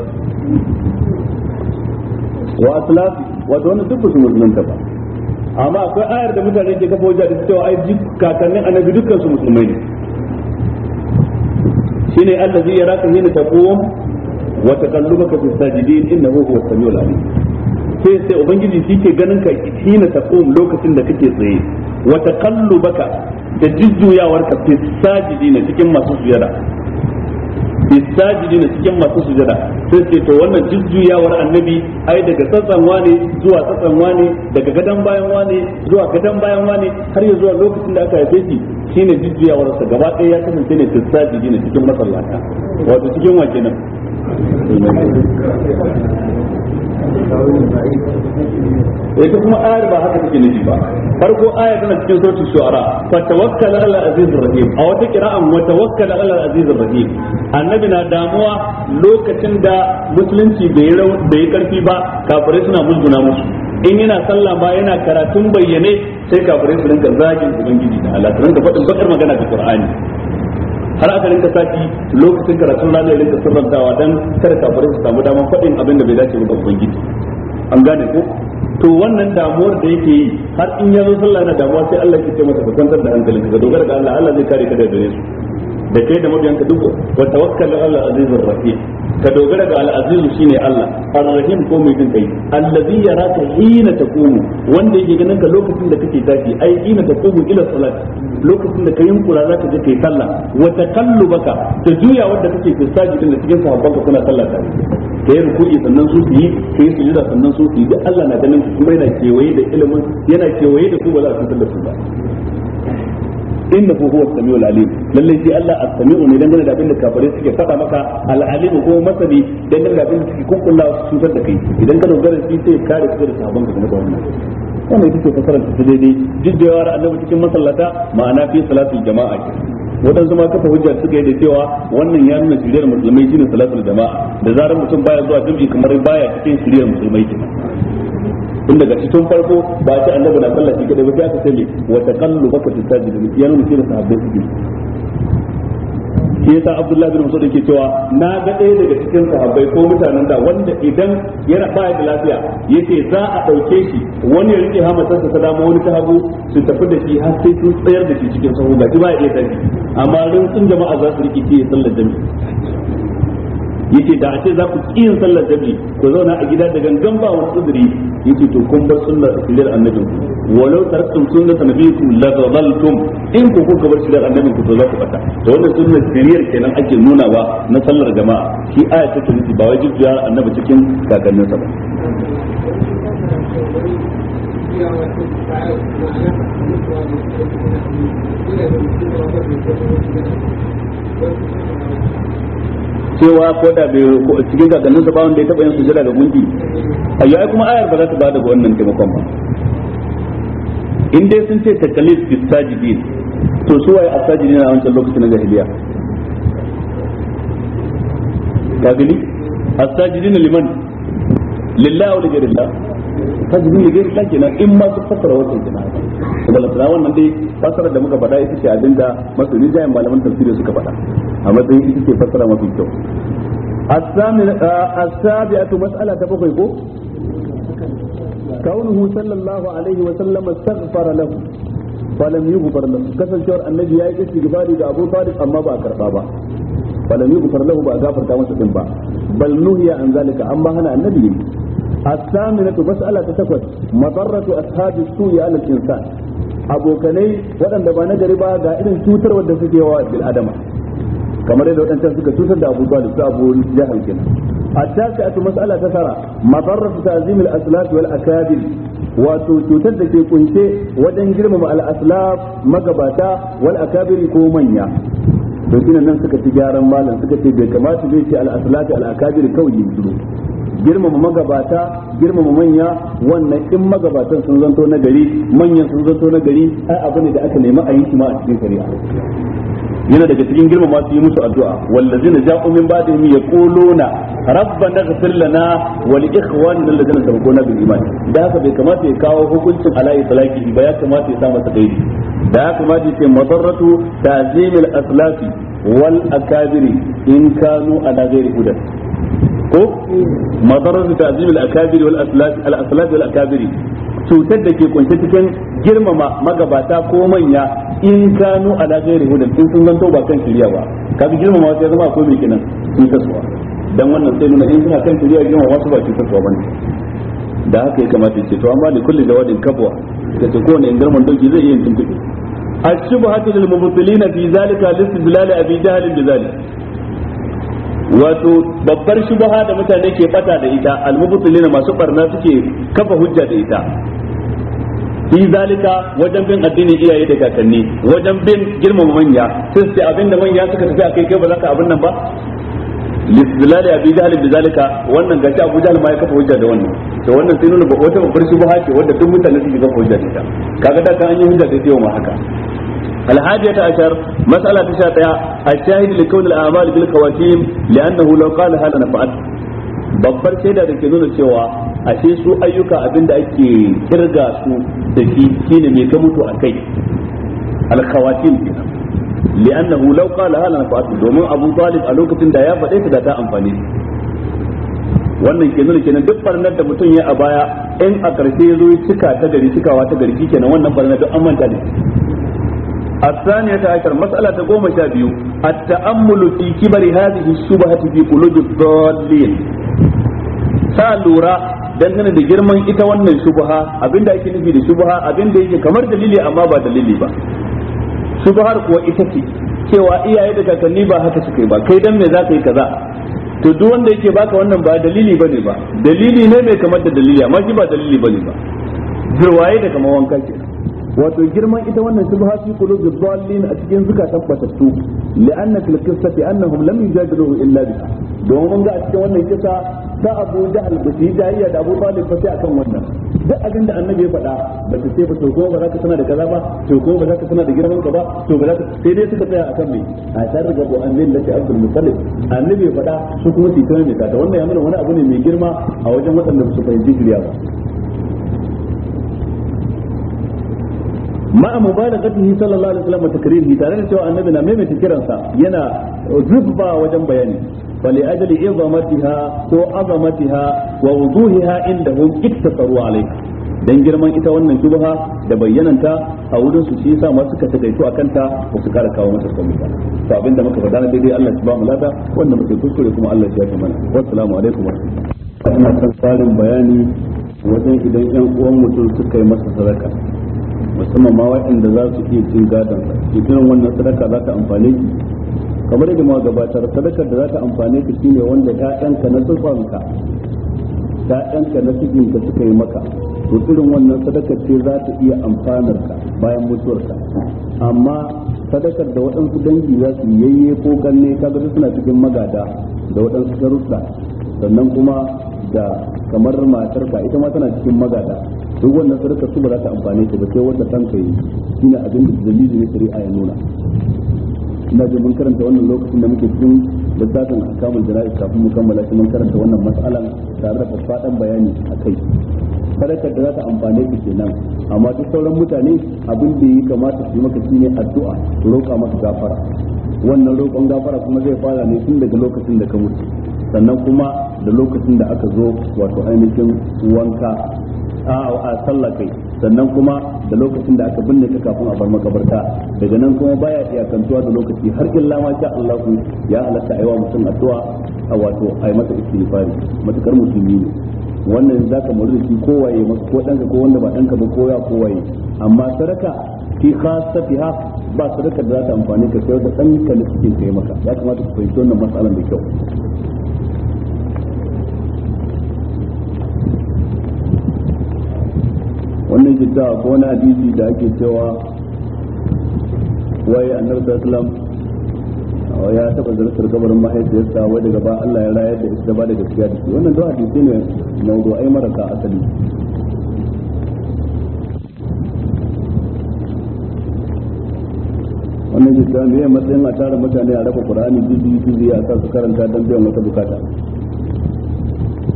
wa aslafi wato wannan duk su musulunta ba amma akwai ayar da mutane ke kafa wajen da cewa ai kakannin annabi dukkan su musulmai ne shine allazi yaraka hina taqum wa taqallubaka ka sajidin innahu huwa as-sami'ul alim sai sai ubangiji shi ganin ka hina taqum lokacin da kake tsaye wa taqallubaka da jujjuyawarka fi sajidin cikin masu sujada bisajidina cikin masu sujada sai ce to wannan jujjuyawar annabi ai daga sassan wane zuwa sassan wane daga gadan bayan wane zuwa gadan bayan wane har ya zuwa lokacin da aka haife shi shine jujjuyawar sa gaba ɗaya ya kasance ne bisajidina cikin masallata wato cikin wa ita kuma ayar ba haka take nufi ba farko ayar tana cikin sautin shu'ara fa tawakkala ala aziz rahim a wata kira'an wa tawakkala ala aziz rahim annabi na damuwa lokacin da musulunci bai bai karfi ba kafirai suna musguna musu in yana sallah ba yana karatun bayyane sai kafirai su rinka zagin ubangiji da Allah su rinka faɗin bakar magana da Qur'ani har aka rinka sati lokacin karatun rana ya rinka sirrantawa dan kada kafirai su samu daman faɗin abin da bai dace ba gidi an gane ko to wannan damuwar da yake yi har in ya zo sallah na damuwa sai Allah ya ce masa ka kwantar da hankalinka ka dogara ga Allah Allah zai kare ka daga gare su da kai da mabiyanka duk wa tawakkal Allah azizir rahim ka dogara ga al'azizu shine Allah ar-rahim ko mai jin kai allazi yaraka hina taqumu wanda yake ganin ka lokacin da kake tafi ai hina taqumu ila salat lokacin da ka yunkura ka je kai sallah wa taqallubaka ta juya wanda kake fi sajidin da cikin sahabbanka kuna sallah tare kai ruku'i sannan su yi kai sujuda sannan su yi duk Allah na ganin kuma yana kewaye da ilimin yana kewaye da su ba za su sallah su ba innahu huwa samiul alim lalle shi Allah as-sami'u ne dangane da abin da kafirai suke faɗa maka al-alim ko masani dangane da abin da suke kunkulla su cutar da kai idan ka dogara shi sai kare su da sabon game da wannan wannan ita fasarar ta daidai duk da yawar annabi cikin masallata ma'ana fi salatul jama'a waɗansu ma kafa hujja suka yi da cewa wannan ya nuna shiriyar musulmai shine salatul jama'a da zarar mutum baya zuwa jami'i kamar baya cikin shiriyar musulmai kenan tun daga cikin farko ba ta annabi na sallah shi kadai ba sai aka sani wa taqallubaka fi sajidin yana nufin sahabbai su Ke yasa Abdullahi bin musa yake cewa na ga ɗaya daga cikin sahabbai ko mutanen da wanda idan yana ya da lafiya yace za a ɗauke shi wani ya rike sassa ta dama wani ta hagu su tafi da shi har sai sun tsayar da shi cikin sahu ga ba ya iya tafi amma sun jama'a za su rike shi ya sallar jami'a. yace da a ce za ku kiyin sallar jami ku zauna a gida da gangan ba wasu uzuri yace to kun bar sunnar sirar annabin ku walau taraktum sunnat nabiyikum la dhalaltum in ku kuka bar sirar annabin ku to za ku bata to wannan sunnar sirar kenan ake nuna ba na sallar jama'a shi aya ta nufi ba wai jujjuya annabi cikin sa ba cewa ko da bai cikin kakanninsa ba wanda ya taba yin sujada ga gundi a yi kuma ayar ba za ta bada ga wannan taimakon ba in dai sun ce takalif fi sajidin to su waye asajidin a wancan lokacin na jahiliya ka gani asajidin liman lillahi wa lillahi sajidin lillahi kenan in ma su fasara wannan jama'a kuma lafira wannan dai fasara da muka faɗa ita ce abinda da malaman tafsiri suka faɗa a matsayin ita ce fasara mafi kyau asabi a mas'ala ta bakwai ko kaunuhu sallallahu alaihi wa sallam astaghfara lahu falam yughfar lahu annabi yayi istighfari da Abu Talib amma ba a karba ba falam yughfar lahu ba a gafarta masa din ba bal nuhiya an zalika amma hana annabi الثامنة مسألة تتكوت مضرة أصحاب السوء على الإنسان abokanai waɗanda ba na gari ba ga irin cutar wadda suke yawa bil kamar yadda waɗancan suka cutar da abu talib su abu jahal kin attaka atu mas'ala ta tara madarratu ta'zim al aslaf wal wato cutar da ke kunshe wajen girmama al aslaf magabata wal ko manya to shine nan suka ci gyaran malam suka ce bai kamata zai ce al aslaf girmama magabata girmama manya wannan in magabatan sun zanto na gari manyan sun zanto na gari ai abu ne da aka nemi a yi shi a cikin shari'a yana daga cikin girmama su yi musu addu'a wallazina ja'u min ba'dihim yaquluna rabbana ighfir lana wa li ikhwanina alladhina sabaquna bil iman da haka bai kamata ya kawo hukuncin alai salaki ba ya kamata ya sa masa da haka kamata ya ce madarratu ta'zimil aslafi wal akabiri in kanu ala ghairi hudan ko madarar da azim al-akabiri wal aslaf al-aslaf wal akabiri cutar da ke kunshe cikin girmama magabata ko manya in kanu ala ghairi hudan in sun zanto ba kan shirya ba kaga girmama sai zama akwai me kenan in kasuwa dan wannan sai nuna in suna kan shirya girmama wasu ba kasuwa bane da haka ya kamata ya ce to amma da kulli jawadin kabwa ta kowane in garman doki zai iya yin tuntuɓe الشبهة للمبطلين في ذلك لاستدلال أبي جهل بذلك wato babbar shubha da mutane ke bata da ita almubtilina masu barna suke kafa hujja da ita fi zalika wajen bin addinin iyaye da kakanni wajen bin girmama manya sai ce abin da manya suka tafi akai kai ba za ka abin nan ba lisbilali abi jahl bi zalika wannan gashi abu jahl ma ya kafa hujja da wannan to wannan sai nuna ba wata babbar shubha ce wanda duk mutane suke kafa hujja da ita kaga da kan an yi hujja da ita ma haka الحادية عشر مسألة تشاطئة الشاهد لكون الأعمال بالخواتيم لأنه لو قالها لنفعت babbar shaida da ke nuna cewa a ashe su ayyuka abin da ake kirga su da shi shine mai ka mutu a kai alkhawatim li'annahu law qala hala na nafa'at domin Abu Talib a lokacin da ya faɗe ta da ta amfani wannan ke nuna kenan duk barnar da mutum ya a baya in a karshe ya zo cika ta gari cikawa ta gari kenan wannan barnar duk an manta ne الثانية عشر مسألة قوم شابيو التأمل في كبر هذه الشبهة في قلوب الضالين سالورا dangane da girman ita wannan shubha abinda ake nufi da shubha abinda yake kamar dalili amma ba dalili ba shubhar kuwa ita ce cewa iyaye da kakanni ba haka suka yi ba kai dan me zaka yi kaza to duk wanda yake baka wannan ba dalili bane ba dalili ne mai kamar da dalili amma shi ba dalili bane ba zurwaye da kamar wanka kenan wato girman ita wannan shubha fi qulubi dhallin a cikin zukatan batattu li'anna fil qissati annahum lam yujadiluhu illa bi, don mun ga a cikin wannan kisa ta Abu Jahl ba su jayayya da Abu Talib ba sai akan wannan duk abin da annabi ya faɗa ba su ce ba to ko ba za ka tana da kaza ba to ko ba za ka tana da girman ka ba to ba za ka sai dai suka tsaya akan me a tar ga ko annabi lati Abdul Muttalib annabi ya faɗa su kuma su tana ne ta wannan ya nuna wani abu ne mai girma a wajen waɗanda su fahimci shirya ba ma mubalagatihi sallallahu alaihi wasallam takrihi tare da cewa annabi na maimaita kiransa yana zubba wajen bayani fali ajli izamatiha ko azamatiha wa wuduhiha indahum iktasaru alaiha dan girman ita wannan shubha da bayyananta a wurin su shi yasa ma suka takaito akan ta ba su kara kawo mata komai ba to abinda muka faɗa na daidai Allah ya ba mu lada wanda muke kuskure kuma Allah ya shafe mana wassalamu alaikum ina son tsarin bayani wajen idan yan uwan mutum suka yi masa sadaka musamman ma waɗanda za su iya cin gadon irin wannan sadaka za ta amfane ki kamar yadda ma gabatar sadakar da za ta amfane ki shine wanda ta'yanka na tsufanka ta'yanka na cikinka suka yi maka to irin wannan sadakar ce za ta iya amfanar ka bayan mutuwarka amma sadakar da waɗansu dangi za su yayye ko ganne kaga suna cikin magada da waɗansu sharuɗa sannan kuma da kamar matar ka ita ma tana cikin magada duk wannan sadakar su ba za ta amfane ta ba sai wanda kanka yi shine abin da dalili ne shari'a ya nuna ina jin mun karanta wannan lokacin da muke cikin littafin akamul jira'i kafin mu kammala shi mun karanta wannan mas'alan tare da faffaɗan bayani a kai sadakar da za ta amfane ka kenan amma duk sauran mutane abin da ya kamata su yi maka shine addu'a roƙa maka gafara wannan roƙon gafara kuma zai fara ne tun daga lokacin da ka mutu sannan kuma da lokacin da aka zo wato ainihin wanka a sallah kai sannan kuma da lokacin da aka binne ta kafin a bar makabarta daga nan kuma baya iya kantuwa da lokaci har illa ma sha Allah ya halatta aiwa mutum addu'a a wato ai masa istighfari matukar musulmi ne wannan zaka shi kowaye maka ko danka ko wanda ba danka ba koya kowaye amma sadaka fi khassatiha ba sadaka da za ta amfani ka sai da danka ne suke kai maka ya kamata ku fahimci wannan matsalar da kyau wannan ke ko wani hadisi da ake cewa waye annabi sallallahu alaihi ya taba zartar kabarin mahaifiyarsa wai daga ba Allah ya rayar da ita ba da gaskiya da shi wannan da hadisi ne mawdu'ai marasa asali wannan ke cewa ne matsayin a tara mutane a raba Qur'ani bibi bibi a sa su karanta don biyan wata bukata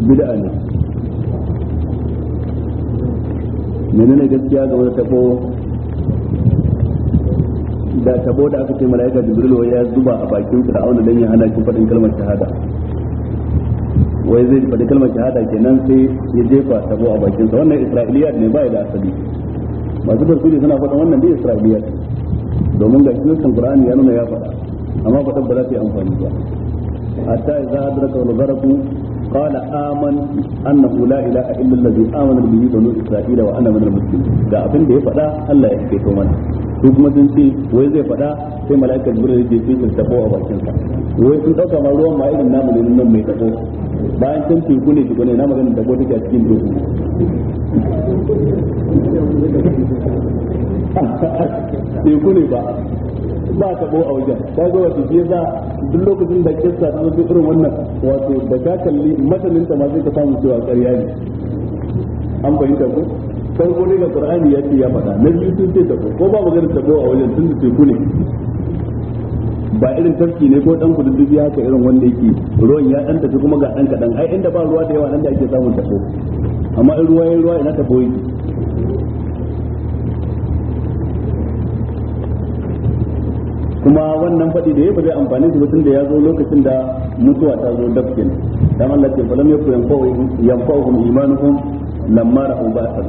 bid'a ne menene gaskiya ga wata tabo da tabo da aka ce mala'ika jibril wai ya zuba a bakin fir'auna dan ya hana shi fadin kalmar shahada wai zai faɗi kalmar shahada kenan sai ya jefa tabo a bakin sa wannan isra'iliyat ne ba da asali masu tafsiri suna faɗa wannan dai isra'iliyat domin ga cikin qur'ani ya nuna ya faɗa amma faɗan ba za ta yi amfani ba hatta idza adraka al-gharqu قال آمنت أنه لا إله إلا الذي آمن به بنو إسرائيل وأنا من المسلمين da abin da ya faɗa Allah ya fito mana to kuma sun ce wai zai faɗa sai mala'ikar jibril ya ce sun tabo a bakin sa wai sun dauka ma ruwan ma irin namu ne nan mai tabo bayan sun ce namu ne take a cikin ba bo a wajen ta ga wato shi za duk lokacin da ke sa zo duk irin wannan wato da ta kalli masanin ta ma zai ka samu cewa ƙarya ne an fahimta ko farko ne ga qur'ani ya ce ya faɗa na biyu sun ce tabo ko ba maganar tabo a wajen tun da teku ne ba irin tafki ne ko dan kududdufi haka irin wanda yake ruwan ya dan tafi kuma ga dan kadan ai inda ba ruwa da yawa nan da ake samun tabo amma in ruwa ya ruwa ina tabo yake kuma wannan faɗi da ya ba zai amfani su tun da ya zo lokacin da mutuwa ta zo dafkin dan Allah ce falam yaku yanfa'uhum imanuhum lamma ra'u ba'sa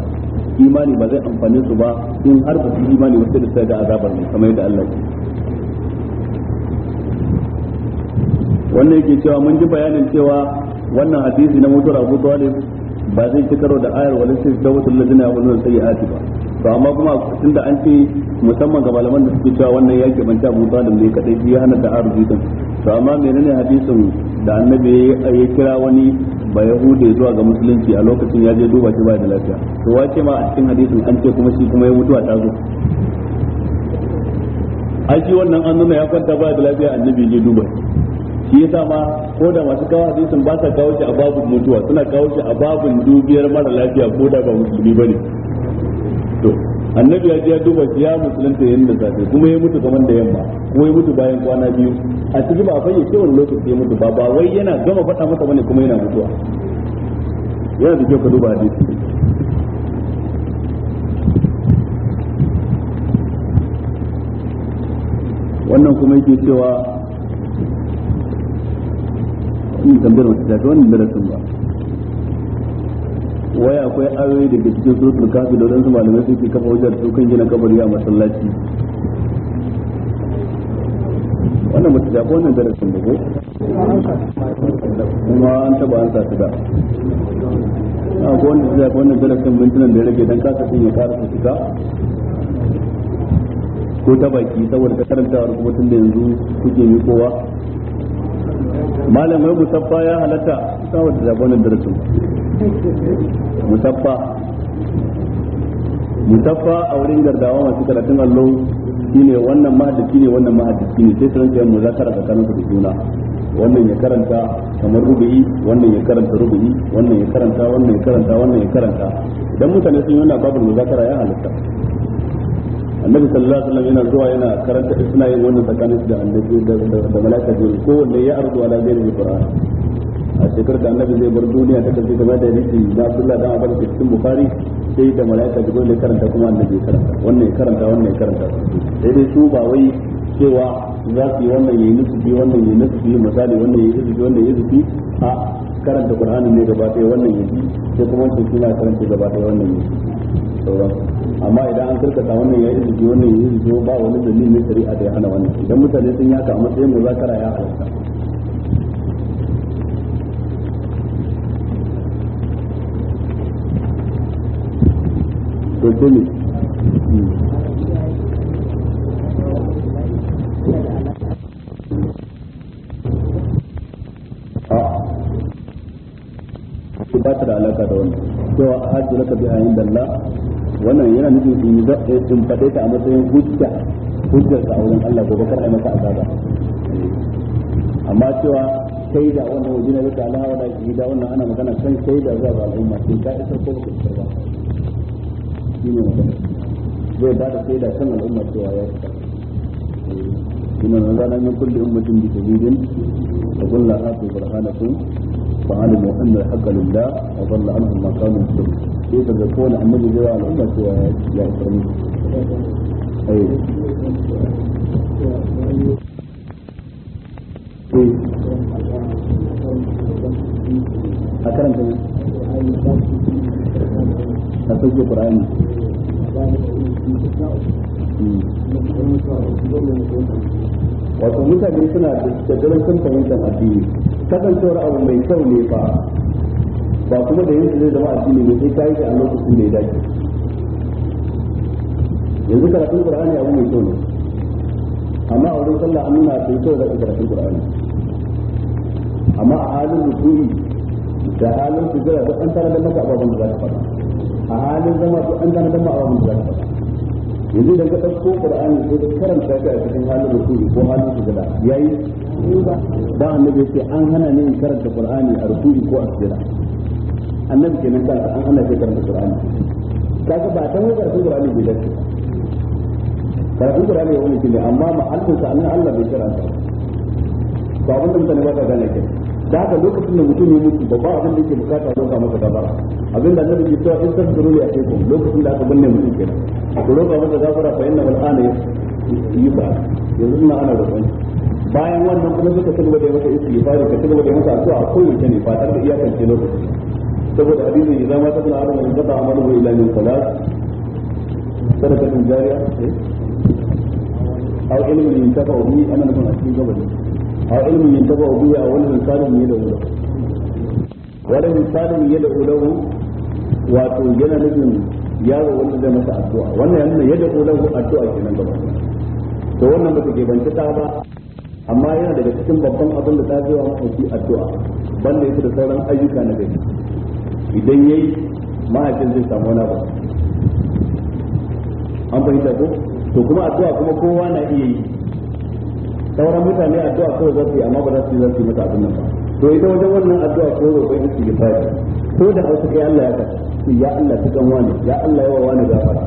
imani ba zai amfani su ba in har ba su imani wasu da sai da azabar ne kamar yadda Allah ya wannan yake cewa mun ji bayanin cewa wannan hadisi na mutuwar Abu Talib ba zai ci karo da ayar walin sai da wasu ladina ya wani sai ba to amma kuma da an ce musamman ga malaman da suke cewa wannan yaki ban ta Abu da ne kadai shi hana ta arzu din to amma menene hadisin da annabi ya kira wani ba hude zuwa ga musulunci a lokacin ya je duba shi ba da lafiya to wace ma a cikin hadisin an ce kuma shi kuma ya mutu a tazo shi wannan an nuna ya kwanta ba da lafiya annabi ya je duba shi yasa ma ko da masu kawo hadisin ba sa kawo shi a babun mutuwa suna kawo shi a babun dubiyar mara lafiya ko da ba musulmi bane annabi ya je ya duba ya musulunta yayin da safe kuma ya mutu kaman da yamma ko ya mutu bayan kwana biyu a cikin ba fa yake wani lokaci ya mutu ba ba wai yana gama faɗa masa bane kuma yana mutuwa yana da kyau ka duba hadisi wannan kuma yake cewa in tambayar wata wannan darasin ba waya akwai ayoyi da ke cikin suratul kafi da wadansu malamai suke kafa wajen su kan gina kabari a masallaci wannan mutu da wannan darasin da kuma an taba an sa su da na ko wanda ya ko wannan darasin mintunan da ya rage dan kasa sun ya fara suka. ko ta baki saboda ta karanta kuma tun da yanzu kuke mi kowa malam wai musaffa ya halatta saboda da wannan darasin musaffa musaffa a wurin gardawa masu karatun allo shi ne wannan mahaddaci ne wannan mahaddaci ne sai su rinka yin muzakara tsakanin su da juna wannan ya karanta kamar rubu'i wannan ya karanta rubu'i wannan ya karanta wannan ya karanta wannan ya karanta idan mutane sun yi wannan babu muzakara ya halitta annabi sallallahu alaihi wasallam yana zuwa yana karanta suna yin wannan tsakanin da annabi da malaka ko wanne ya arzu ala ghairi qur'an a shekarar da annabi zai bar duniya ta tafi kamar da hadisi na Abdullah dan Abbas da cikin Bukhari sai da malaika da ya karanta kuma annabi ya karanta wannan ya karanta wannan ya karanta sai dai su ba wai cewa za su yi wannan yayi bi wannan yayi bi misali wannan yayi bi wannan yayi nusufi a karanta qur'ani ne gaba ɗaya wannan yayi sai kuma su suna karanta gaba ɗaya wannan yayi sauransu amma idan an karkata wannan ya bi wannan ya izuki ba wani dalilin shari'a da ya hana wannan idan mutane sun yaka a matsayin muzakara ya halatta to ah. ba ta da alaka da wannan cewa a hajji laka bi ayin dalla wannan yana nufin in yi in faɗe ta a matsayin hujja hujjar ta a wurin Allah gobe kar a masa azaba amma cewa sai da wannan wajen da ta Allah wa da shi da wannan ana magana kan sai da zuwa al'umma sai ka isa ko ba ka ba shi ne magana zai ba da sai da kan al'umma cewa ya fita kuma na zana min kulli ummatin bi sabidin wa qul atu burhanakum fa alimu anna al-haqqa lillah wa dhalla anhum ma kanu yusrifun sai daga kowane annabi zai wa al'umma cewa ya fita ne ai a karanta ne ka sauke qur'ani wato mutane suna da darasin fahimtar addini kasancewar abu mai kyau ne fa ba kuma da yanzu zai zama addini ne sai kayi shi a lokacin da ya dace yanzu karatun qur'ani abu mai kyau ne amma a wurin sallah an nuna sai kyau da karatun qur'ani amma a halin rukuni da halin sujjada duk an tare da maka ababen da za ka faɗa a halin zama su an gane zama a wani zaka yanzu da ka ɗauko Qur'ani ko ka karanta shi a cikin halin rukuni ko halin su gada ya yi ba annabi ce an hana ne karanta Qur'ani a rukuni ko a sujada annabi nan ta an hana shi karanta Qur'ani kaga ba ta hanyar Qur'ani bai dace karatun Qur'ani ya wani kile amma mahallin sa Allah bai karanta ba abin da mutane ba ta gane kenan da haka lokacin da mutum ya mutu babba abin da yake bukata roƙa masa gafara abin da annabi ke cewa in san suru ya ce lokacin da aka binne mutum kenan ku roƙa masa gafara fa inna al'ana yi ba yanzu ina ana roƙon bayan wannan kuma suka ci gaba da masa istighfari ka ci gaba da masa addu'a kowace ne ba tare da ce lokaci saboda hadisi ya zama ta kuma adam in qata amalu ila min salat sadaqatun jariya eh? aw ilmin yantafa bihi ana nufin a cikin gaba a wani insanin ya ulahu wani insanin ya addu'a yana da ba ta ta ba amma yana daga cikin babban abin da ta zai wa mahaifi addu'a banda yake da sauran ayyuka na gari idan yayi mahaifin zai samu an fahimta ko to kuma addu'a kuma kowa na iya yi sauran mutane addu'a kawai za su yi amma ba za su yi za su yi mata abin nan ba to ita wajen wannan addu'a ko roƙon istighfari ko da hausa kai Allah ya ka ya Allah tukan wani ya Allah yawa wani gafara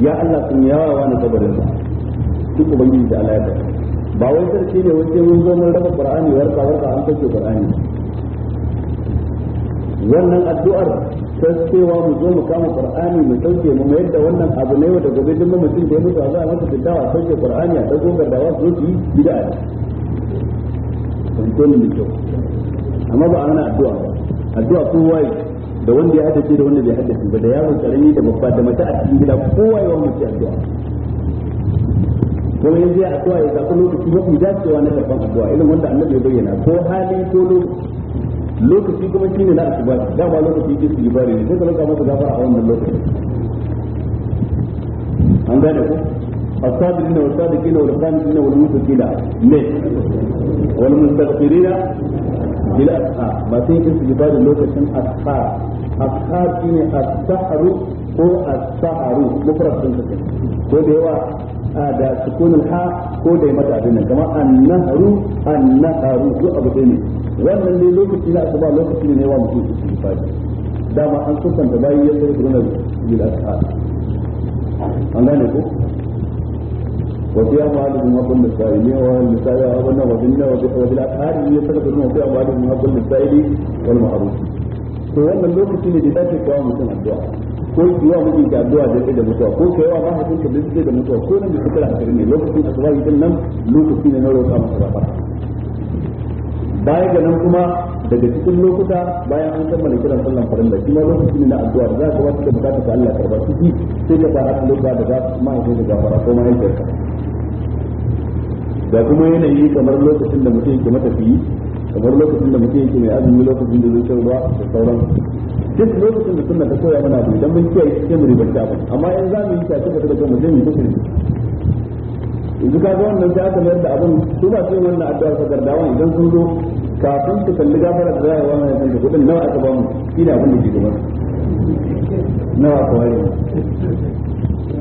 ya Allah sun yawa wani kabarin sa duk ubangiji da Allah ya ka ba wai sarki ne wai mun zo mun raba Qur'ani warka warka an kace Qur'ani wannan addu'ar cewa mu zo mu kama qur'ani mu sauke mu mai da wannan abu ne wanda gobe din duk mutum da yake mutu a za a masa fitawa sauke qur'ani a dago ga su zo yi bid'a ne ne to amma ba ana addu'a ba addu'a wai da wanda ya haddace da wanda bai haddace ba da yaron karami da babba da mata a cikin gida kowa ya wani addu'a ko yanzu ya addu'a ya zaɓi lokaci mafi dacewa na karɓar addu'a irin wanda annabi ya bayyana ko hali ko lokaci lokaci kuma shine na asuba dama lokaci ke su jibari ne sai ka lokaci masa gafara a wannan lokaci an gane ko asabirina wa sabiqina wa rasulina wa mutaqila ne wal mustaqbirina bila asha ba sai ke su jibari lokacin asha asha shine as-sahru ko as-saharu mufrad sun ko da yawa da sukunin ha ko da mata abin nan annaharu annaharu duk abu ne wannan ne lokaci na asuba lokaci ne wa mutum fadi dama an da bayan ya bil an gane ko وصيام عدد حق للسائلين والنساء وابن وبن وبالأسحار يستغفرون وصيام عدد kawo mutum addu'a ko su yawa mutum da addu'a da da mutuwa ko ka yawa mahaifin ka da da mutuwa ko nan da shekara ashirin ne lokacin tsawai din nan lokaci ne na roƙa masa gafara baya ga nan kuma daga cikin lokuta bayan an kammala kiran sallan farin da kuma lokaci ne na addu'a za ka wata bukata ta Allah karba ciki sai ka fara lokuta da za ka mahaifin da gafara ko mahaifiyarka da kuma yanayi kamar lokacin da mutum yake matafiyi kamar lokacin da mutum yake mai azumi lokacin da zai shan ruwa da sauran duk lokacin da sunna ta koya mana dan mun kiyaye shi sai mu ribanci ba amma in za mu yi cikin da daga mu zai mu kuskure yanzu ka ga wannan sai aka mayar da abin su ba sai wannan addu'a ta gardawa idan sun zo kafin su kalli gafara da zai wannan yanzu da kudin nawa aka ba mu ina abin da ke gaba nawa aka ware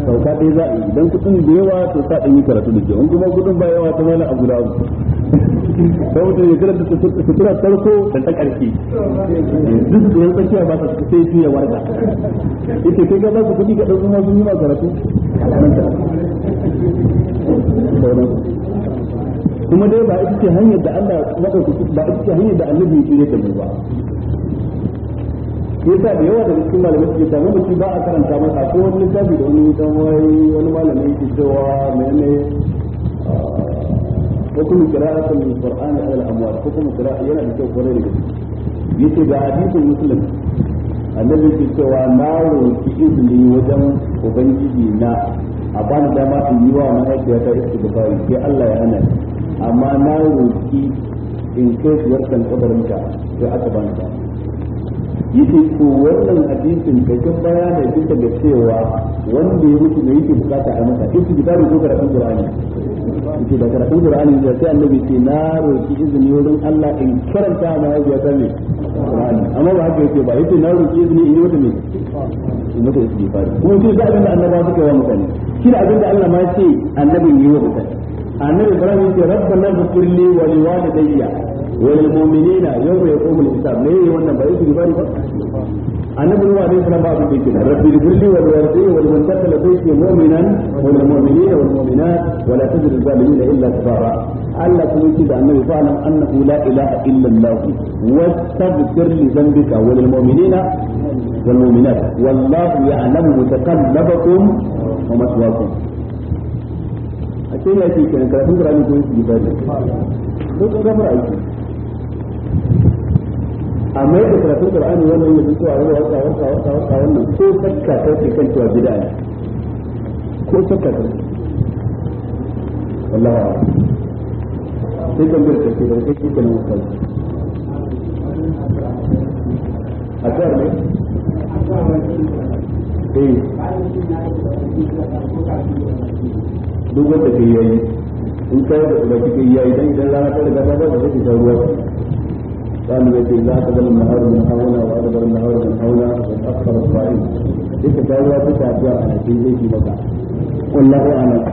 sauka dai za a yi idan kudin da yawa to sa ɗan yi karatu da ke in kuma kudin ba yawa ta mana abu da abu sai mutum ya karanta sutura farko da ta ƙarshe duk da ya tsakiya ba ta sai juya warga ita kai ga ba su kuɗi ga ɗan uwa sun yi ma karatu kuma dai ba ita ce hanyar da Allah madaukaki ba ita ce hanyar da annabi ya shirye ta mu ba yasa da yawa da cikin malamai suke samu mutum ba a karanta masa ko wani littafi da wani mutum wai wani malamai ke cewa menene hukum qira'atul qur'ani ala al-amwat hukum qira'a yana da kyau kwarai da gaske yace ga hadisin muslim annabi ke cewa na roki izini wajen ubangiji na a bani dama in yi wa mahaifiyata istighfari sai Allah ya hana amma na roki in kai ziyartar kabarinka sai aka bani dama yake ko wannan hadisin kakken baya ne duka da cewa wanda ya mutu ne yake bukata a masa yake da da ko karatun qur'ani yake da karatun qur'ani da sai annabi ce na roki izini wurin Allah in karanta ma ya ga ne amma ba haka yake ba yake na roki izini in mutu ne in mutu ba ko sai da annabi da annabawa suka yi wa mutane shi da abin da Allah ma ce annabi yi wa mutane annabi Ibrahim ya ce rabbana zukurli wa liwalidayya wal mu'minina yawma yaqumul hisab ne yayi wannan bai yi bari ba annabi wa alaihi salam babu dake da rabbi birli wal wardi wal muntakal bayti mu'minan wal mu'minina wal mu'minat wa la tajidu zalimin illa tabara Allah kuma yake da annabi fa nan annahu la ilaha illa Allah wastaghfir li dhanbika wal mu'minina wal mu'minat wallahu ya'lamu mutaqallabakum wa maswaakum a cikin yake kenan karatun Qur'ani ko yake da ko da mura yake amma yadda karatun qur'ani wannan yake a wani wata wata wata wata wannan ko sakka kake kan cewa bid'a ne ko sakka kake wallahi sai kan bar kake da kake kan wannan a tsar ne eh duk wanda ke yayi in kai da kuma kake yayi dan idan rana ta riga ta ba ta ruwa قال يدي الله أقبل النهار من حولها وأقبل النهار من حولها وأكثر الصعيد إذا كانوا تسعة أنا في بيتي بقى والله أعلم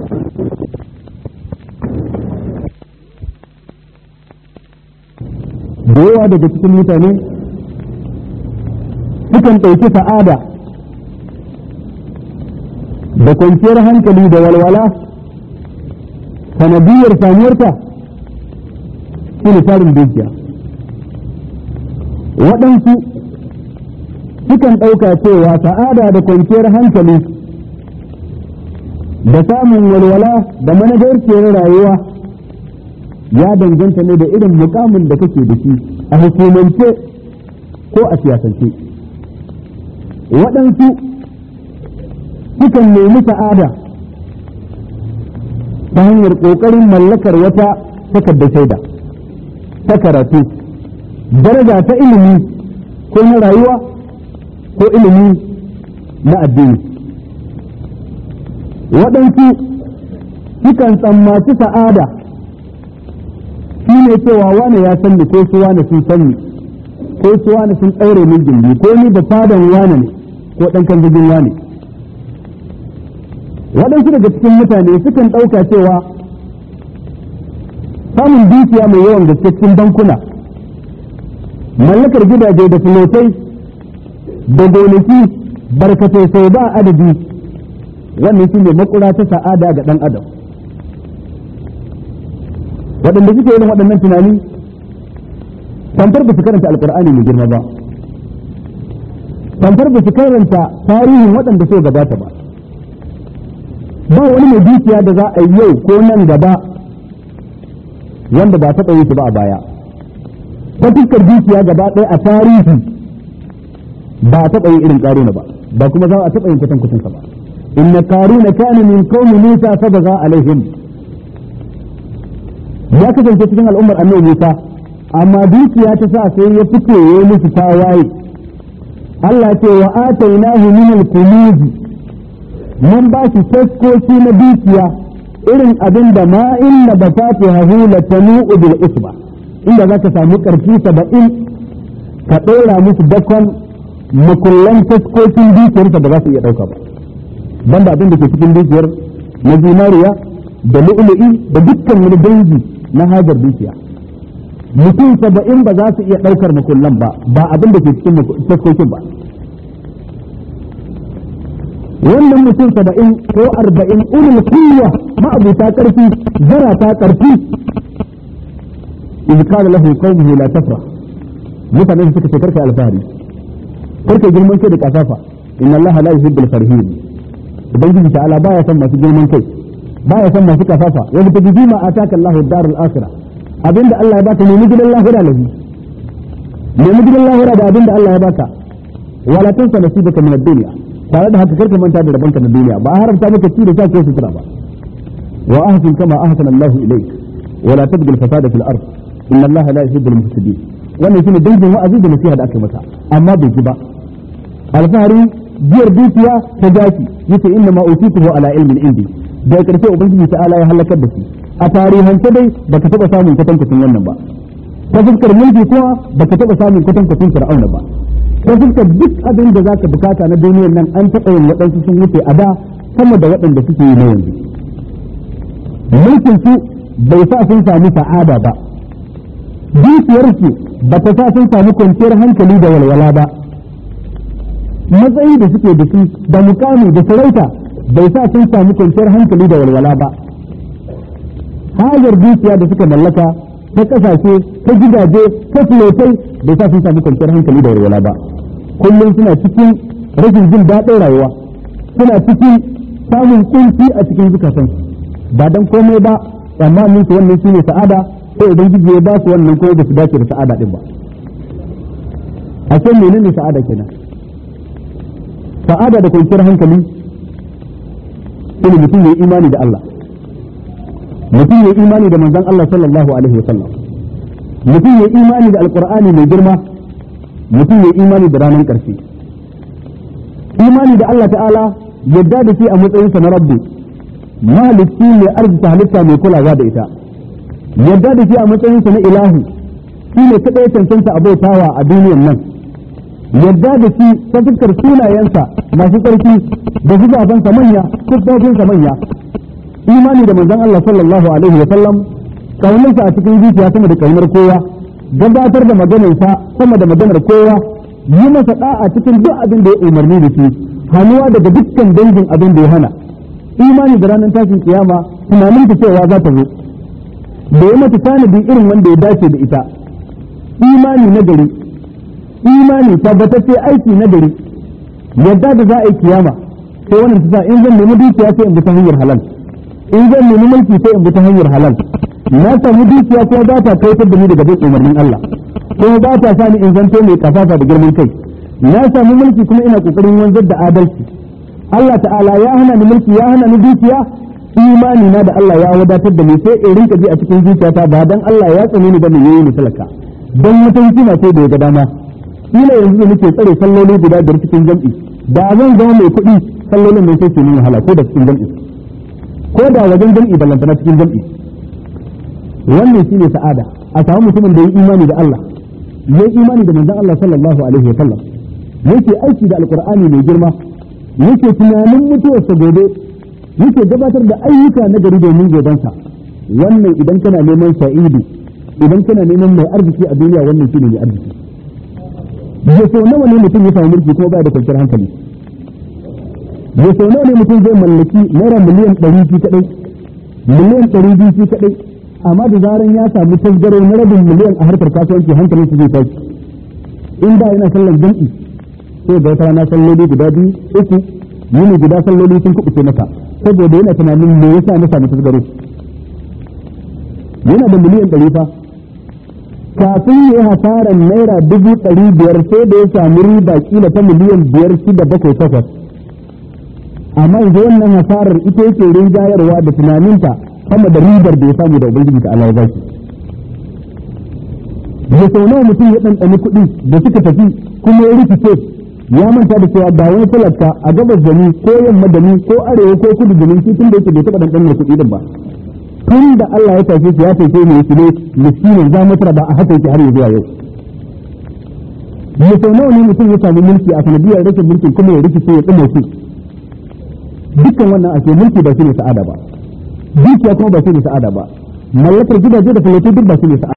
da yawa daga cikin mutane sukan ɗauki sa'ada da kwanciyar hankali da walwala sanadiyar samuwarta shi ne tarin dukiya waɗansu sukan ɗauka cewa sa'ada da kwanciyar hankali da samun walwala da managarciyar rayuwa ya danganta ne da irin mukamin da kake da shi a hukumance ko a siyasance waɗansu sukan nemi sa'ada ta hanyar ƙoƙarin mallakar wata takardar shaida ta karatu daraja ta ilimi ko na rayuwa ko ilimi na addini waɗansu sukan tsammaci sa'ada shi ne cewa wane ya sanni ko su wane sun sanni ko su wane sun ɗaure min gindi ko ni da fadan wane ne ko ɗan kan jirgin wane waɗansu daga cikin mutane sukan ɗauka cewa samun dukiya mai yawan gaske cikin bankuna mallakar gidaje da filotai, da gonaki barkatai sau ba adadi wannan shi ne makura ta sa'ada ga ɗan adam waɗanda suke yin waɗannan tunani tantar ba su karanta alkur'ani mai girma ba tantar ba su karanta tarihin waɗanda so gabata ba ba wani mai dukiya da za a yi yau ko nan gaba wanda ba taɓa yi su ba a baya ta fuskar dukiya gaba ɗaya a tarihi ba a taɓa yin irin karuna ba ba kuma za a taɓa yin kusan kusan ba inna karuna kana min qaumi musa fa baza alaihim ya kasance cikin al'ummar annabi musa amma dukiya ta sa sai ya fito ya musu tawaye Allah ce wa atainahu min al-kunuz mun ba shi taskoki na dukiya irin abin da ma inna basatiha la tanu'u bil isba inda za ka sami ƙarfi saba'in ka ɗora musu dakon makullan taskokin dukiyarsa da za su iya ɗauka ba da abin da ke cikin dukiyar na zinariya da lu'ulu'i da dukkan wani dangi na hajar dukiya mutum saba'in ba za su iya ɗaukar makullan ba ba abin da ke cikin taskokin ba wannan mutum saba'in ko arba'in ulul kulwa ma'abuta ƙarfi zara ta ƙarfi idh qala lahu qawmuhu la tafrah mutane suka ce karka alfahari karka girman kai da kasafa inna allaha la yuhibbul farihin ubangiji ta'ala baya son masu girman kai baya son masu kasafa wa bi ma ataka allahu darul akhirah abinda Allah ya baka nemi gidan lahira lahi nemi gidan lahira da abinda Allah ya baka wala tansa nasibaka min ad-dunya tare da haka karka manta da rabanka na duniya ba haramta maka ci da sake sutura ba wa ahsin kama ahsana Allahu ilayk wala tabghi al inna allaha la yuhibbul mufsidin wannan shine dangin wa'azi da nasiha da aka masa. amma bai ji ba alfahari biyar dukiya ta jaki yace inna ma utituhu ala ilmin indi da karshe ubangiji ta'ala ya halakar da shi a tarihance dai baka taba samun kwatankwacin wannan ba ta fuskar mulki kuwa baka taba samun kwatankwacin fir'auna ba ta fuskar duk abin da zaka bukata na duniyar nan an taɓa yin waɗansu sun wuce a da sama da waɗanda suke yi na yanzu mulkin su bai sa sun sami sa'ada ba dukiyarsu ba ta sa sun samu kwanciyar hankali da walwala ba matsayi da suke da su da mukami da sarauta bai sa sun samu kwanciyar hankali da walwala ba hajar dukiya da suka mallaka ta kasashe ta gidaje ta filotai bai sa sun samu kwanciyar hankali da walwala ba kullum suna cikin rashin jin daɗin rayuwa suna cikin samun kunci a cikin zukatan ba dan komai ba amma su wannan shine sa'ada sai ubangiji ya ba su wannan kuma ba su dace da sa'ada din ba a ce menene sa'ada kenan sa'ada da kwanciyar hankali shine mutum ya imani da Allah mutum ya imani da manzon Allah sallallahu alaihi wasallam mutum ya imani da alqur'ani mai girma mutum ya imani da ranar karshe imani da Allah ta'ala yadda da shi a matsayinsa na rabbi mahalicci mai arziki halitta mai kulawa da ita yadda da shi a matsayinsa na ilahi shi ne kaɗai cancanta abaitawa a duniyan nan yadda da shi ta fuskar sunayensa masu tsarki da zubabansa manya kuskokinsa manya imani da manzon Allah sallallahu alaihi wa sallam kaunarsa a cikin zuciya sama da kaunar kowa gabatar da maganarsa sama da maganar kowa yi masa da'a cikin duk abin da ya umarni da shi hannuwa daga dukkan dangin abin da ya hana imani da ranar tashin kiyama tunanin ta cewa za ta zo da ya mata tanadi irin wanda ya dace da ita imani na gari imani tabbatacce aiki na gari yadda da za a yi kiyama sai wannan ta in zan nemi dukiya sai in bi ta hanyar halal in zan nemi mulki sai in bi ta hanyar halal na samu dukiya kuma ba ta kautar da ni daga bin umarnin Allah kuma ba ta sa ni in zanto mai kafafa da girman kai na samu mulki kuma ina kokarin wanzar da adalci Allah ta'ala ya hana ni mulki ya hana ni dukiya imani na da Allah ya wadatar da ni sai in rinka ji a cikin zuciyata ba dan Allah ya tsane ni ba ne yayi talaka dan mutunci na sai da ga dama ina yanzu da nake tsare salloli guda da cikin jami'i da zan zama mai kuɗi sallolin ne sai su nuna wahala ko da cikin jam'i ko da wajen jam'i ballantana cikin jami'i wannan shine sa'ada a samu mutumin da ya imani da Allah ya imani da manzon Allah sallallahu alaihi wa sallam yake aiki da alqur'ani mai girma yake tunanin mutuwarsa gobe yake gabatar da ayyuka na gari domin gobansa wannan idan kana neman sa'idu idan kana neman mai arziki a duniya wannan shine mai arziki ya so nawa ne mutum ya samu mulki kuma baya da kwanciyar hankali ya so nawa ne mutum zai mallaki naira miliyan ɗari biyu kaɗai miliyan ɗari biyu fi kaɗai amma da zaran ya samu tasgaro na rabin miliyan a harkar kasuwanci hankalin su zai tashi in da yana sallan jam'i sai ga wata rana salloli guda biyu uku yini guda salloli sun kuɓuce masa saboda yana tunanin me yasa na samu tasgaro yana da miliyan ɗari fa kafin ya yi hasaran naira dubu ɗari biyar sai da ya samu riba kila ta miliyan biyar shida bakwai takwas amma yanzu wannan hasarar ita yake rinjayarwa da tunaninta sama da ribar da ya samu da ubangiji ta Allah ya da sau nawa mutum ya ɗanɗani kuɗi da suka tafi kuma ya rikice ya manta da cewa ba wani talaka a gabas da ni ko yamma da ko arewa ko kudu da ni shi tun da yake bai taɓa dan mai kuɗi din ba tun da Allah ya tafi shi ya tafi ne shi ne miskinin za mu tara ba a haka yake har zuwa yau mu sai nawa ne mutum ya samu mulki a sanadiyar rashin mulki kuma ya sai ya tsimo shi dukkan wannan ake mulki ba shi ne sa'ada ba dukiya kuma ba shi ne sa'ada ba mallakar gidaje da filotofi duk ba shi ne sa'ada